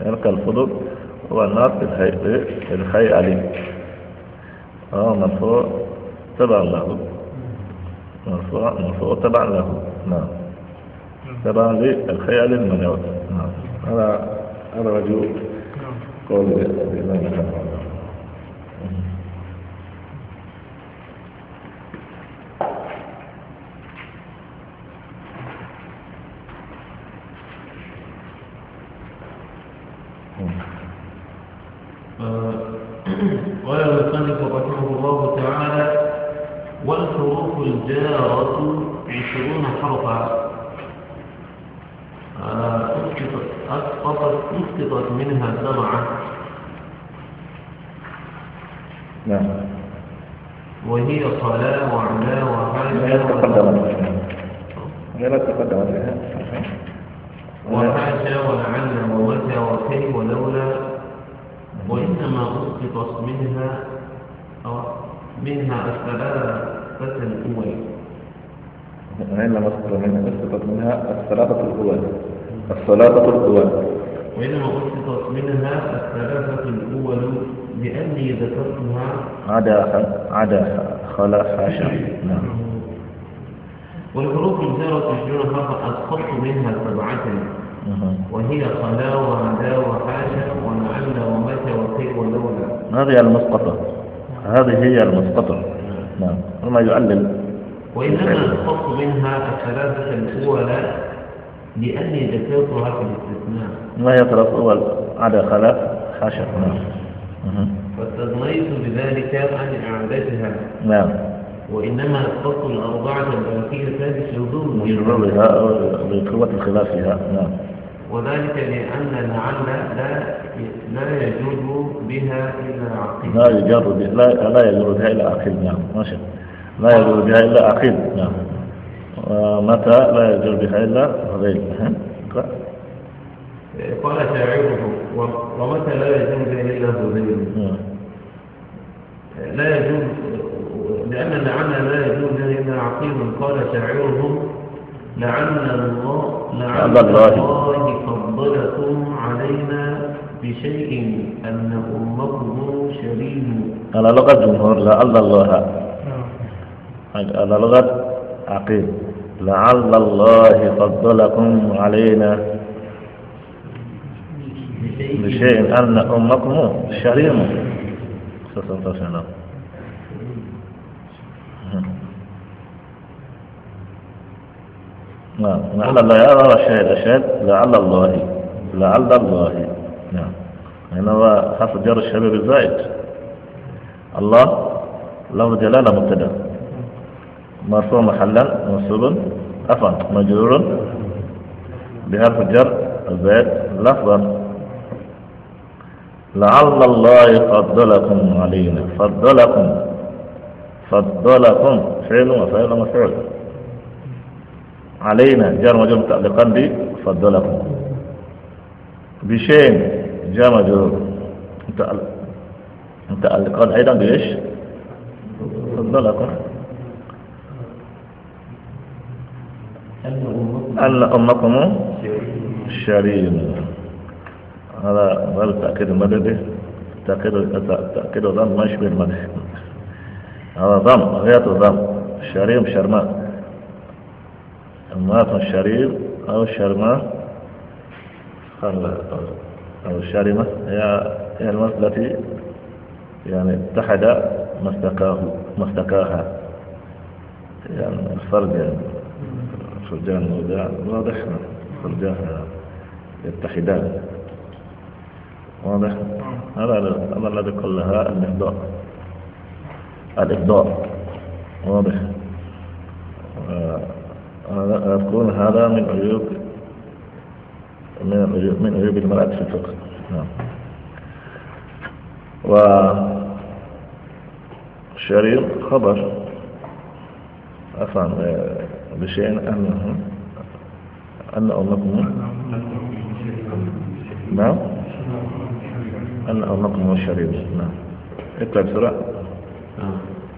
يلقى الفضل والنار في الخيال علي أو آه، مرفوع تبع له مرفوع مرفوع تبع له نعم تراغي الخيال المنوي نعم هذا هذا رجوع قول الإمام آه، قال المصنف الله تعالى والحروف الجارة عشرون حرفا منها سمعة نعم وهي صلاة وعلاء وحاجة تقدمت غير تقدمت وحاشا ولعل ومتى وكي ولولا وإنما أسقطت منها أو منها الثلاثة الأولى وإنما أسقطت منها الثلاثة الأولى الثلاثة الأولى وإنما أسقطت منها الثلاثة الأول لأني ذكرتها عدا عدا خلا حاشا نعم والحروف الجارة تشجر فأسقطت منها سبعة وهي خلا وعدا وحاشا ولعل ومتى وكيف ولولا هذه المسقطة هذه هي المسقطة نعم, نعم. وما يعلل وإنما أسقطت منها الثلاثة الأولى لأني ذكرتها في الاستثناء وهي يطرق أول على خلاف حاشا نعم واستغنيت بذلك عن إعادتها نعم وإنما أسقطت الأربعة الباقية بشذوذها بشذوذها أو بقوة خلافها نعم وذلك لأن لعل لا لا يجر بها إلا عقيدة لا يجر بها لا, لا يجر بها إلا عقيدة نعم ما الله لا يجر بها إلا عقيدة نعم متى لا يجوز بها إلا غير قال شاعره ومتى لا يجوز إلا هذيل لا يجوز لأن لعل لا يجوز إلا عقيم قال شاعرهم لعل الله لعل الله فضلكم علينا بشيء أن أمكم شريم على لغة جمهور لعل الله على لغة عقيم لعل الله فضلكم علينا بشيء أن أمكم شريمة نعم لعل الله يرى الشاهد الشاهد لعل الله لعل الله نعم هنا هو حرف جر الشباب الزائد الله لفظ جلالة مبتدأ مرفوع محلا منصوب عفوا مجرور بحرف جر زائد لفظا لعل الله فضلكم علينا فضلكم فضلكم فعل وفعل مفعول علينا جار مجرور متعلقا بفضلكم بشين جار مجرور متعلقا ايضا بايش فضلكم أن أمكم شريم هذا غير تأكيد مدده تأكيد تأكيد ما يشبه المدح هذا ظن غاية الظن شريم شرماء امرأة شريم أو شرماء أو الشرمة هي هي التي يعني اتحد مستكاه مستكاها يعني الفرد يعني فرجان وذا واضح فرجان يتحدان واضح هذا الأمر الذي كلها الإفضاء الإفضاء واضح أذكرون آه، هذا من عيوب من عيوب من عيوب المرأة في الفقه نعم وشريط خبر عفوا بشيء يعني أنه أن أمكم نعم أن أمكم الشريف نعم اقرأ بسرعة نعم.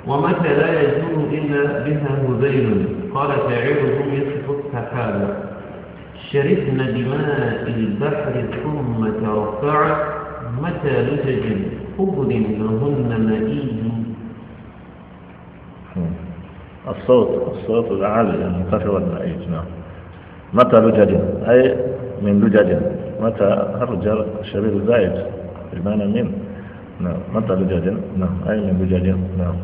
ومتى لا يزور إلا بها هذيل قال شاعره يصف السحابة شرفنا بماء البحر ثم ترفعت متى لجج خبر لهن مئي الصوت الصوت العالي يعني المنخفض المائج إيه، نعم متى لجج أي من لجج متى أرجل شبيب الزائد بمعنى من نعم متى لجج نعم أي من لجج نعم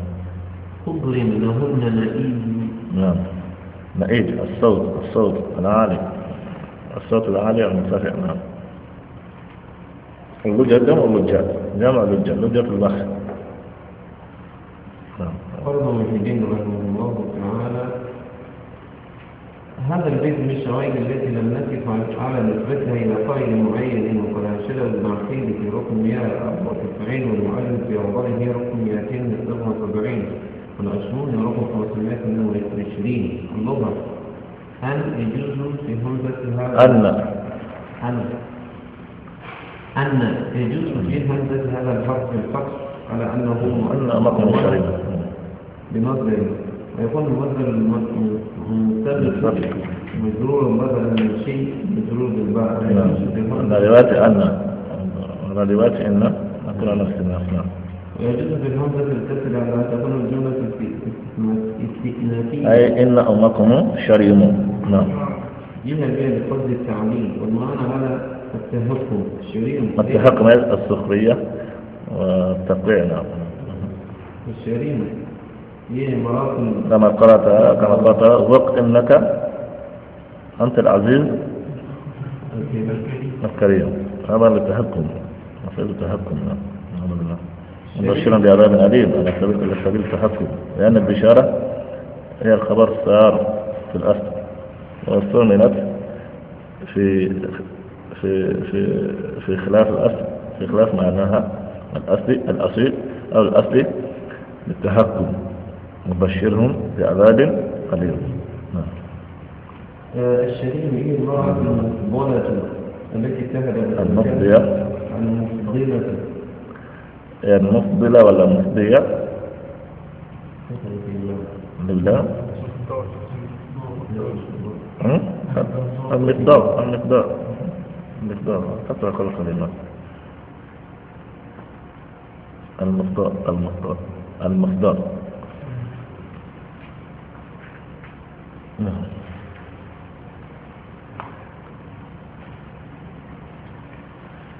أظلم لهن لئيم نعم نعيج الصوت الصوت العالي الصوت العالي المرتفع يعني نعم اللجج جمع اللجات جمع اللجات في البحر قال ابن رحمه الله تعالى هذا البيت من الشوائد التي لم نقف على نسبتها إلى قائل معين وقد أنشده المعقيد في رقم 194 والمعلم في أوضاعه رقم 277 والعشرون رقم 520 اللغة هل يجوز في همزة هذا أن أن أن يجوز في همزة هذا الحرف الفقر على أنه أن مطلب شريف بمصدر ويكون المصدر مستدر مجرور مثلا شيء مجرور بالباء روايات أن روايات أن نقول على اختلاف ويجوز نعم. في الهمزة الكسر على ان تكون الجملة استئنافيه أي إن أمكم شريم نعم جينا بها لقصد التعليم والمعنى على التهكم الشريم التهكم السخرية والتقويع نعم الشريمة كما قرأتها كما قرأتها وقت إنك أنت العزيز الكريم هذا تهكم مسألة تهكم نعم لله مبشرا بعذاب أليم أنا سبيل إلى سبيل التحكم لأن البشارة هي الخبر السار في الأصل واستعملت في في في في خلاف الأصل في خلاف معناها الأصلي الأصيل أو الأصلي للتهكم نبشرهم بعذاب قليل نعم آه، الشريف هي امرأة المقبولة التي تهدى المفضية المفضلة المفضلة ولا المفضية لله المقدار المقدار المقدار حتى كل كلمات المقدار المقدار المقدار نعم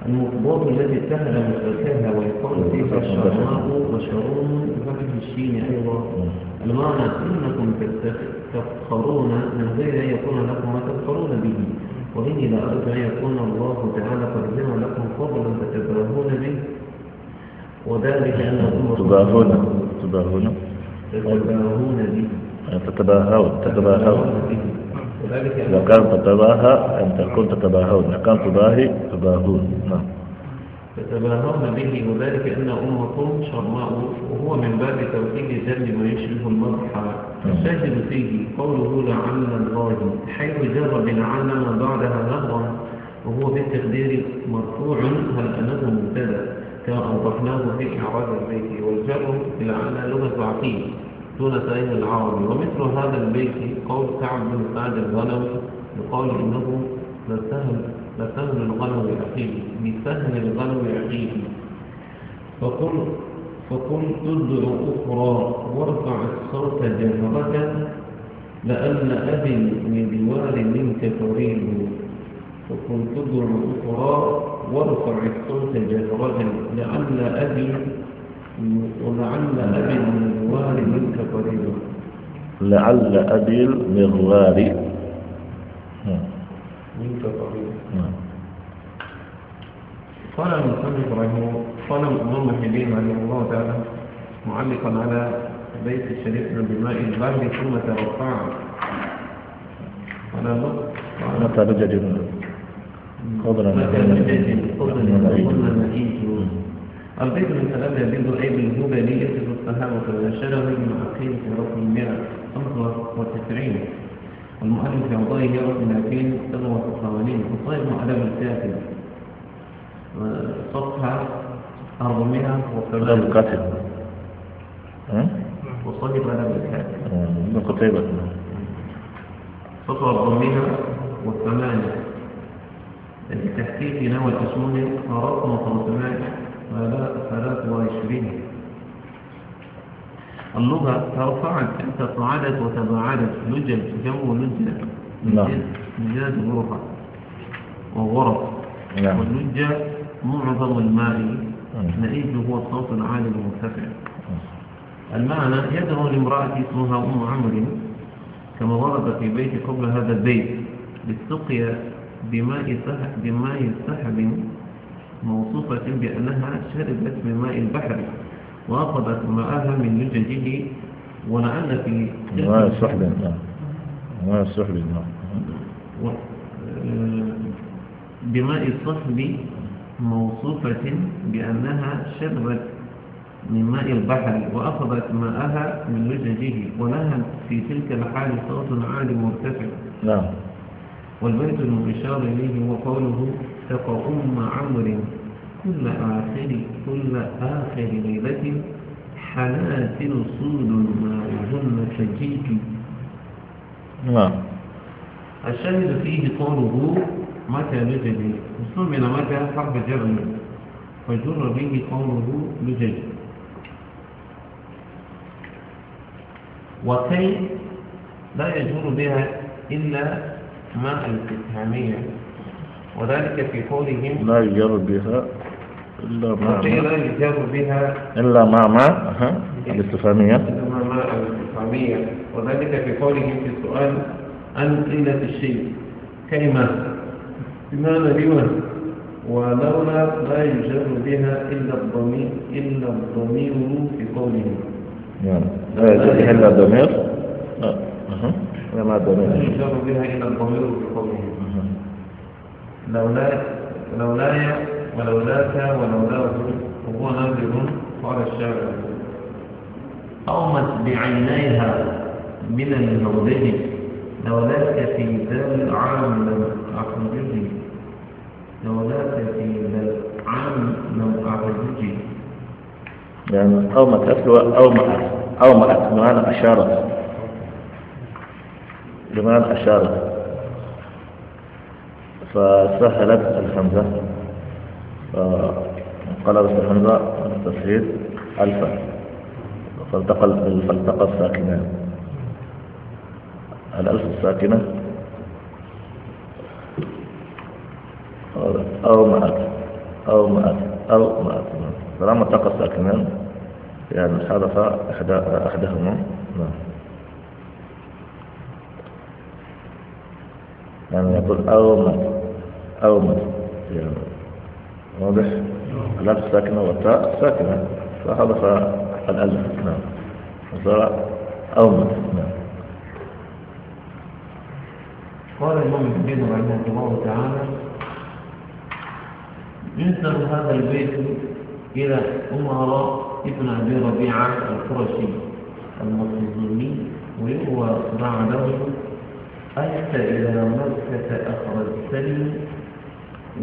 المقبوض الذي اتخذ مفاتها ويقول فيها شراب وشرون بفتح الشين أيضا نعم. المعنى إنكم تفخرون من غير أن يكون لكم ما تفخرون به وإني لأرجو أن يكون الله تعالى قد جمع لكم فضلا فتباهون به وذلك أنكم تباهون تباهون به تتباهون تتباهون إذا كان تتباهى أن تكون تتباهون إذا كان تباهي تباهون نعم تتباهون به وذلك أن أمكم شرماء وهو من باب توحيد ذنب ما يشبه المرحى نعم. فالشاهد فيه قوله لعن الله حيث جر بالعلم بعدها لغوا وهو بالتقدير مرفوع هل أنه مبتدا كما أوضحناه في إعراض البيت والجر بالعلم لغة عقيم ثلثي العربي ومثل هذا البيت قول كعب بن سعد الغنوي يقال إنه لسهل لسهل الغنوي أخيه بسهل الغنوي أخيه فقل فقل تدعو أخرى وارفع الصوت جهرك لأن أبي من دوار منك تريد فقل تدعو أخرى وارفع الصوت جهرك لأن أبي ولعل أبي المغوار منك قريب لعل أبي المغوار نعم. منك قريب نعم. قال المصنف رحمه قال الإمام الحليم رحمه الله تعالى معلقا على بيت الشريف بماء البحر ثم توقع على متى نجد قدر متى نجد قدر متى نجد البيت من ثلاثة يبيض أي بالهبلية في الصحابة والشلوي من أقيل في رقم 195 والمؤلف في عضائه رقم 287 وصائب معلم الكاتب آه، صفحة 430 قاتل وصائب معلم الكاتب آه، ابن قتيبة صفحة 408 التحقيق نوى الأسمون رقم 500 23 اللغة ترفعت صعدت وتباعدت لجج جمع لجة لجاج غرفة وغرف نعم. واللجة معظم الماء نعم. نعيد هو الصوت العالي المرتفع نعم. المعنى يدعو لامرأة اسمها أم عمرو كما ورد في بيت قبل هذا البيت للسقيا بماء سحب بماء سحب موصوفة بأنها شربت من ماء البحر وأخذت ماءها من لججه ولأن في ماء السحب ماء السحب بماء الصحب موصوفة بأنها شربت من ماء البحر وأخذت ماءها من لججه ولها في تلك الحال صوت عالي مرتفع نعم والبيت المشار إليه هو وقوله تقوم عمر كل آخر كل آخر ليلة حناتل صود ما هن فجيت نعم الشاهد فيه قوله متى نجد استعمل متى حرب جبل فجر به قوله نجد وكي لا يجر بها إلا ما الاتهامية وذلك في قولهم لا يجر بها إلا ما ما إلا ما ما أها الاستفهامية إلا ما ما الاستفهامية وذلك في قوله في السؤال عن قلة الشيء كلمة بمعنى بما ولولا لا يجر بها إلا الضمير إلا الضمير في قوله نعم لا يجر بها إلا الضمير لا الضمير لا يجر بها إلا الضمير في قوله لولا لولا ولولاك ولولاه هو نازل قال الشاعر قامت بعينيها من المغرب لولاك في ذا العام لم أخرجني لولاك في ذا العام لم أخرجني يعني نعم، ما تأكل أو ما أو أكل بمعنى أشارت بمعنى أشارت فسهلت الخمسة آه، قال بس حمزة تسهيل ألفا فالتقى فالتقى الساكنان الألف الساكنة أو ما أتى أو ما أتى أو ما أتى فلما التقى الساكنان يعني حدث أحدهما نعم يعني يقول أو ما أو ما يعني واضح الألف ساكنة والتاء ساكنة فحذف الألف نعم وصار أومد نعم قال الإمام الكبير رحمه الله تعالى ينسب هذا البيت إلى أمراء ابن أبي ربيعة القرشي المصري ويقوى بعده أنت إلى مكة أخرجتني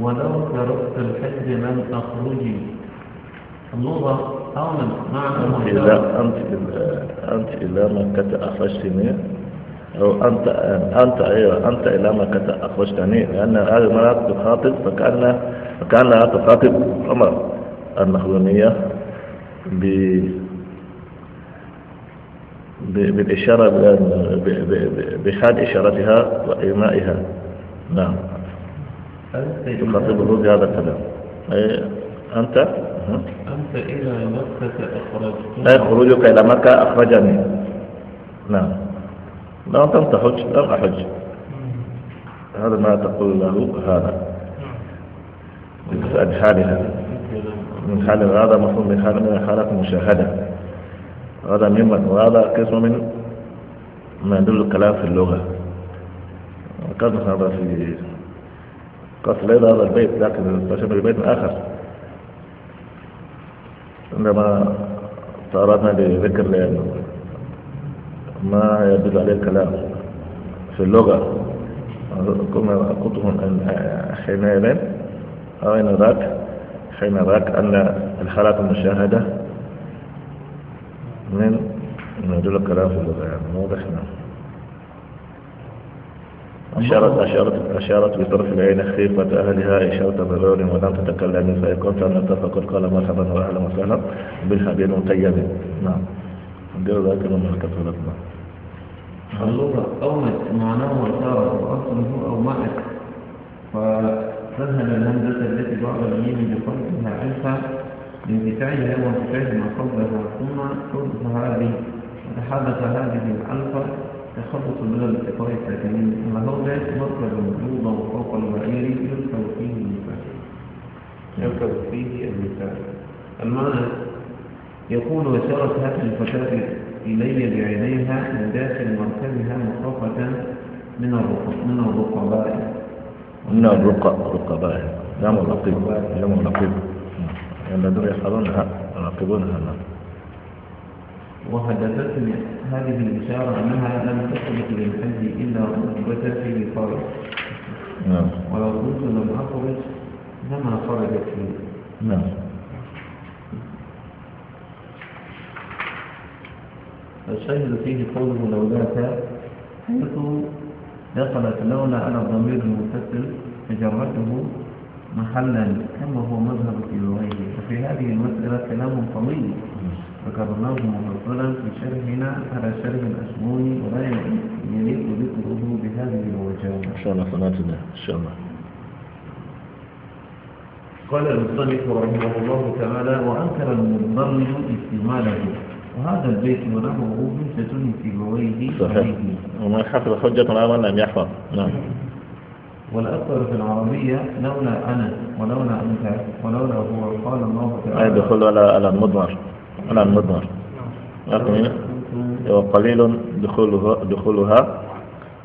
ولو تركت الحج لن تخرجي اللغة أولا معنى إلا أنت إلى أنت الى مكة أخرجتني أو أنت أنت أيوة أنت إلى مكة أخرجتني لأن هذه المرأة تخاطب فكأن فكأنها تخاطب عمر المخزونيه ب بالإشارة بحال إشارتها وإيمائها نعم تخاطب الرجل هذا الكلام أنت أنت إلى مكة أخرجتني خروجك إلى مكة أخرجني نعم لا أنت لم تحج لم أحج هذا ما تقول له هذا من حالها من حال هذا مفهوم من حال من حالات المشاهدة هذا مما وهذا قسم من ما يدل الكلام في اللغة كان هذا في قصد لا هذا البيت لكن استشمل البيت آخر عندما تعرضنا لذكر لأنه ما يدل عليه الكلام في اللغة كنا كنت حينئذ أين ذاك حين ذاك أن الحالات المشاهدة من نجل الكلام في اللغة يعني واضح نعم أشارت, أشارت, أشارت بطرف العين خيفة أهلها إشارة مرور ولم تتكلم فإن كنت أن فقد قال مرحبا وأهلا وسهلا بالحبيب طيب نعم غير ذلك من الكفرات نعم اللغة أولد معناه وتارة وأصله أو معك فسهل الهمزة التي بعد اليمين بقلبها ألفا لانتفاعها وانتفاع ما قبلها ثم ترث هذه وتحدث هذه الألفا يخلط الملل الإطاري التأكيد المهرجة مركز موجودة وفوق المعيري يركب فيه المفاتيح. يركب فيه المفاتيح. المعنى يقول وشارت هذه الفتاة إلي بعينيها من داخل مركزها مخافة من الرقباء من الرقباء من الرقباء جمع رقيب جمع رقيب الذين يحضرونها رقيبونها نعم وحدثتني هذه الإشارة أنها لم تثبت للحج إلا رتبة في فرج. نعم ولو كنت لم أخرج لما خرجت فيه نعم الشاهد فيه قوله لو ذاك حيث دخلت لولا على الضمير المتصل فجرته محلا كما هو مذهب في غيره ففي هذه المسألة كلام طويل فكرناه مفصلا في شرحنا على شرح الأشموني ولا يليق ذكره بهذه الوجهة. إن شاء الله صلاتنا إن شاء الله. قال المصنف رحمه الله تعالى وأنكر المضمر استعماله وهذا البيت ونحوه حجة في بويه صحيح ومن حفظ حجة على لم يحفظ نعم والأكثر في العربية لولا أنا ولولا أنت ولولا هو قال الله تعالى أي دخول على المضمر على المضمر وقليل دخولها دخولها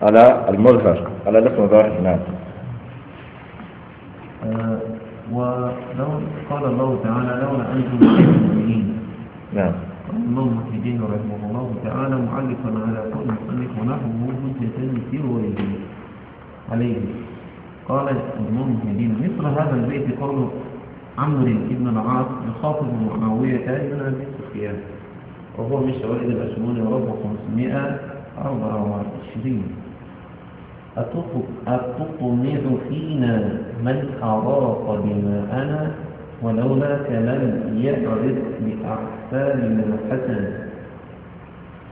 على المظهر على الاسم الظاهر نعم أه ولو قال الله تعالى لولا انتم المؤمنين نعم اللهم في رحمه الله تعالى معلقا على كل مؤلف ونحوه حجة يسير عليه قال المنهدين مثل هذا البيت قوله عمرو بن العاص يخاطب معاوية بن أبي سفيان وهو من شوائد الأشمون رب 524 أتطمئ فينا من أراق دماءنا ولولا لم يعرض من الحسن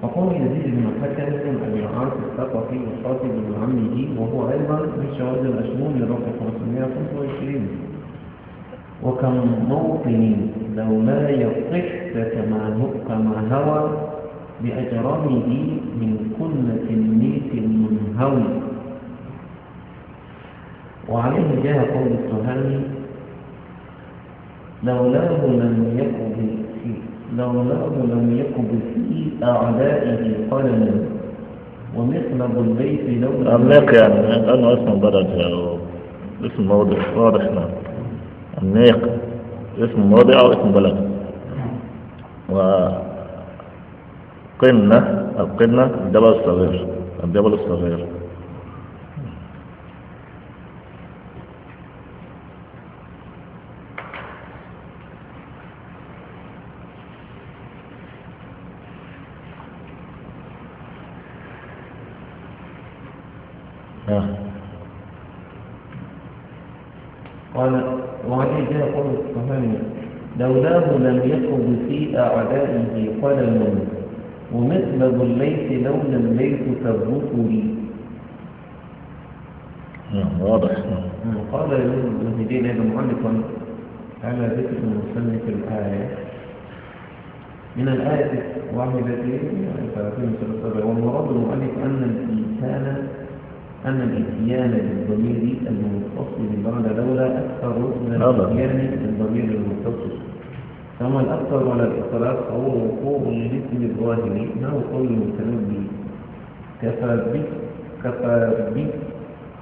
وقوم يزيد بن الحكم بن أبي العاص الثقفي الخاطب بن عمه وهو أيضا من شوائد الأشمون رب 525 وكم موطن لو لا يصح كما هوى بأجرمه من كل تلميذ منهوي وعليه جاء قول السهامي لولاه لم يكب في لولاه لم يكب في أعدائه قلما ومثل ابو البيت لولا أملاك يعني لأنه اسم بلد اسم واضح واضح نعم الناقة اسم موضع أو اسم بلد وقنة القنة الدبل الصغير الدبل الصغير Yeah. آه. قال وعليه جاء قول الصحابي لولاه لم يقض في أعدائه قلم ومثل الليث لولا الليث نعم واضح قال المهدي لابن أيضا معلقا على ذكر المصنف الآية من الآية الواحدة 30 والمراد المؤلف أن الإنسان أن الاتيان بالضمير المنفصل بعد دولة أكثر من الاتيان بالضمير المتصل فما الأكثر على الإطلاق هو وقوع الاسم الظاهر هو قول المتنبي كفى بك كفى بك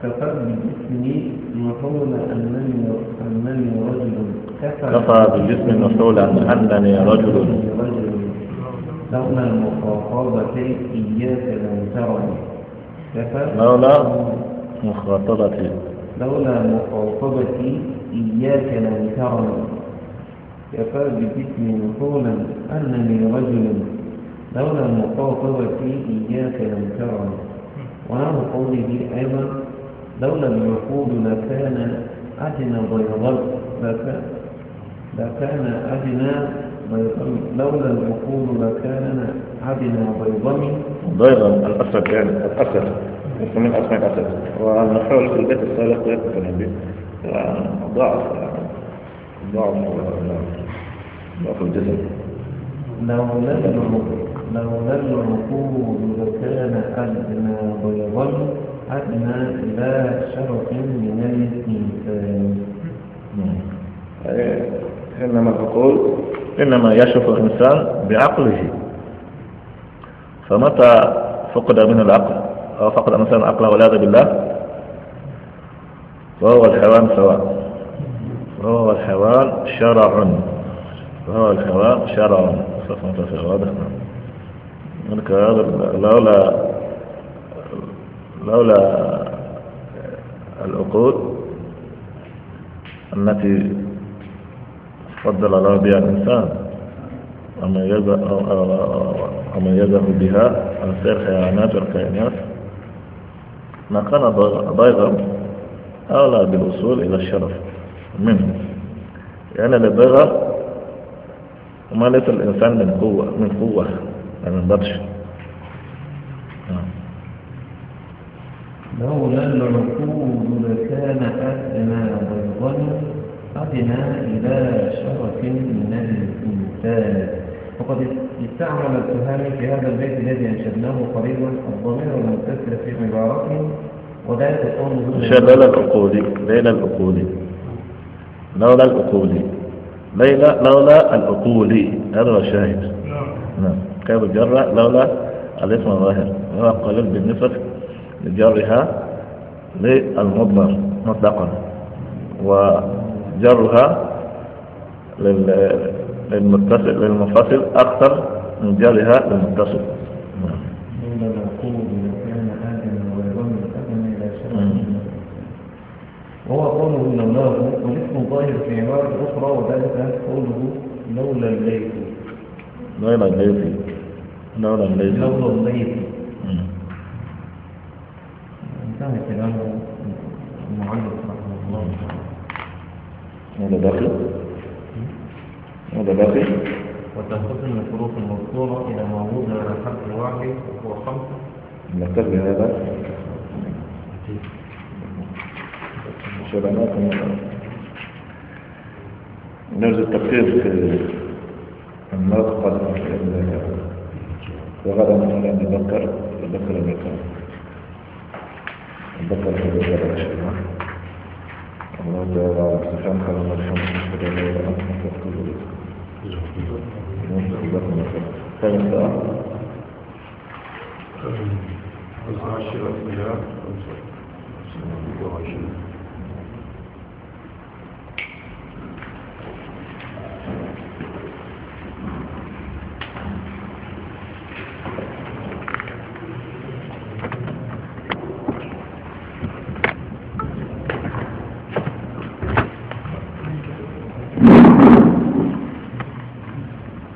كفى بالاسم مفعول أنني أنني رجل كفى بالاسم مفعولا أنني رجل رجل لولا المخاطبة إياك لو ترني لولا مخاطبتي لولا مخاطبتي إياك ترني كفى بجسمي نحولا أنني رجل لولا مخاطبتي إياك ترني وعن قوله أيضا لولا العقود لكان أدنى بيضاء لكان أدنى بيضاء لولا العقود لكان عبد وبيضم بيضا الأسد يعني الأسد من أسماء الأسد والنحول في البيت السابق لا تتنبي ضعف يعني. ضعف ضعف الجسد لو نزل لو نزل الركوب لكان أدنى بيضا أدنى إلى شرف من الإنسان نعم. إيه، إنما تقول إنما يشرف الإنسان بعقله فمتى فقد منه العقل أو فقد مثلا عقله والعياذ بالله وهو الحيوان سواء وهو الحيوان شرع وهو الحيوان شرع سوف نتفق واضح منك لولا لولا العقود التي فضل الله بها الإنسان أما يجب ومن يذهب بها السير خيانات والكائنات ما كان ضيغا أولى بالوصول إلى الشرف منه يعني للضيغة وما ليس الإنسان من قوة من قوة يعني من بطش نعم. لولا العقول لكان أدنى ضيغا أدنى إلى شرف من الإنسان وقد استعمل التهامي في هذا البيت الذي انشدناه قريبا الضمير المتصل في عبارته وذلك قوله شلل العقولي ليلى العقولي لولا العقولي ليلى لولا العقولي هذا هو الشاهد نعم كيف الجرة لولا الاسم الظاهر هو قليل بالنسبة لجرها للمضمر مطلقا وجرها لل للمتصل للمنفصل أكثر من جالها للمتصل وهو قوله لولاه والاسم ظاهر في عبارة أخرى وذلك قوله لولا الليل لولا الليل لولا الليل لولا الليل انتهى كلامه المعلق رحمه الله هذا داخل به وتنقسم الحروف المذكورة إلى ما وجد على حرف واحد وهو خمسة نكتب هذا شبانات نرجو التفكير في النطق وغدا نحن نذكر نذكر المكان نذكر هذا الوزارة إن شاء الله الله تعالى سبحانه وتعالى الحمد لله رب العالمين كم سؤال العاشرة إلى خمسة وعشرين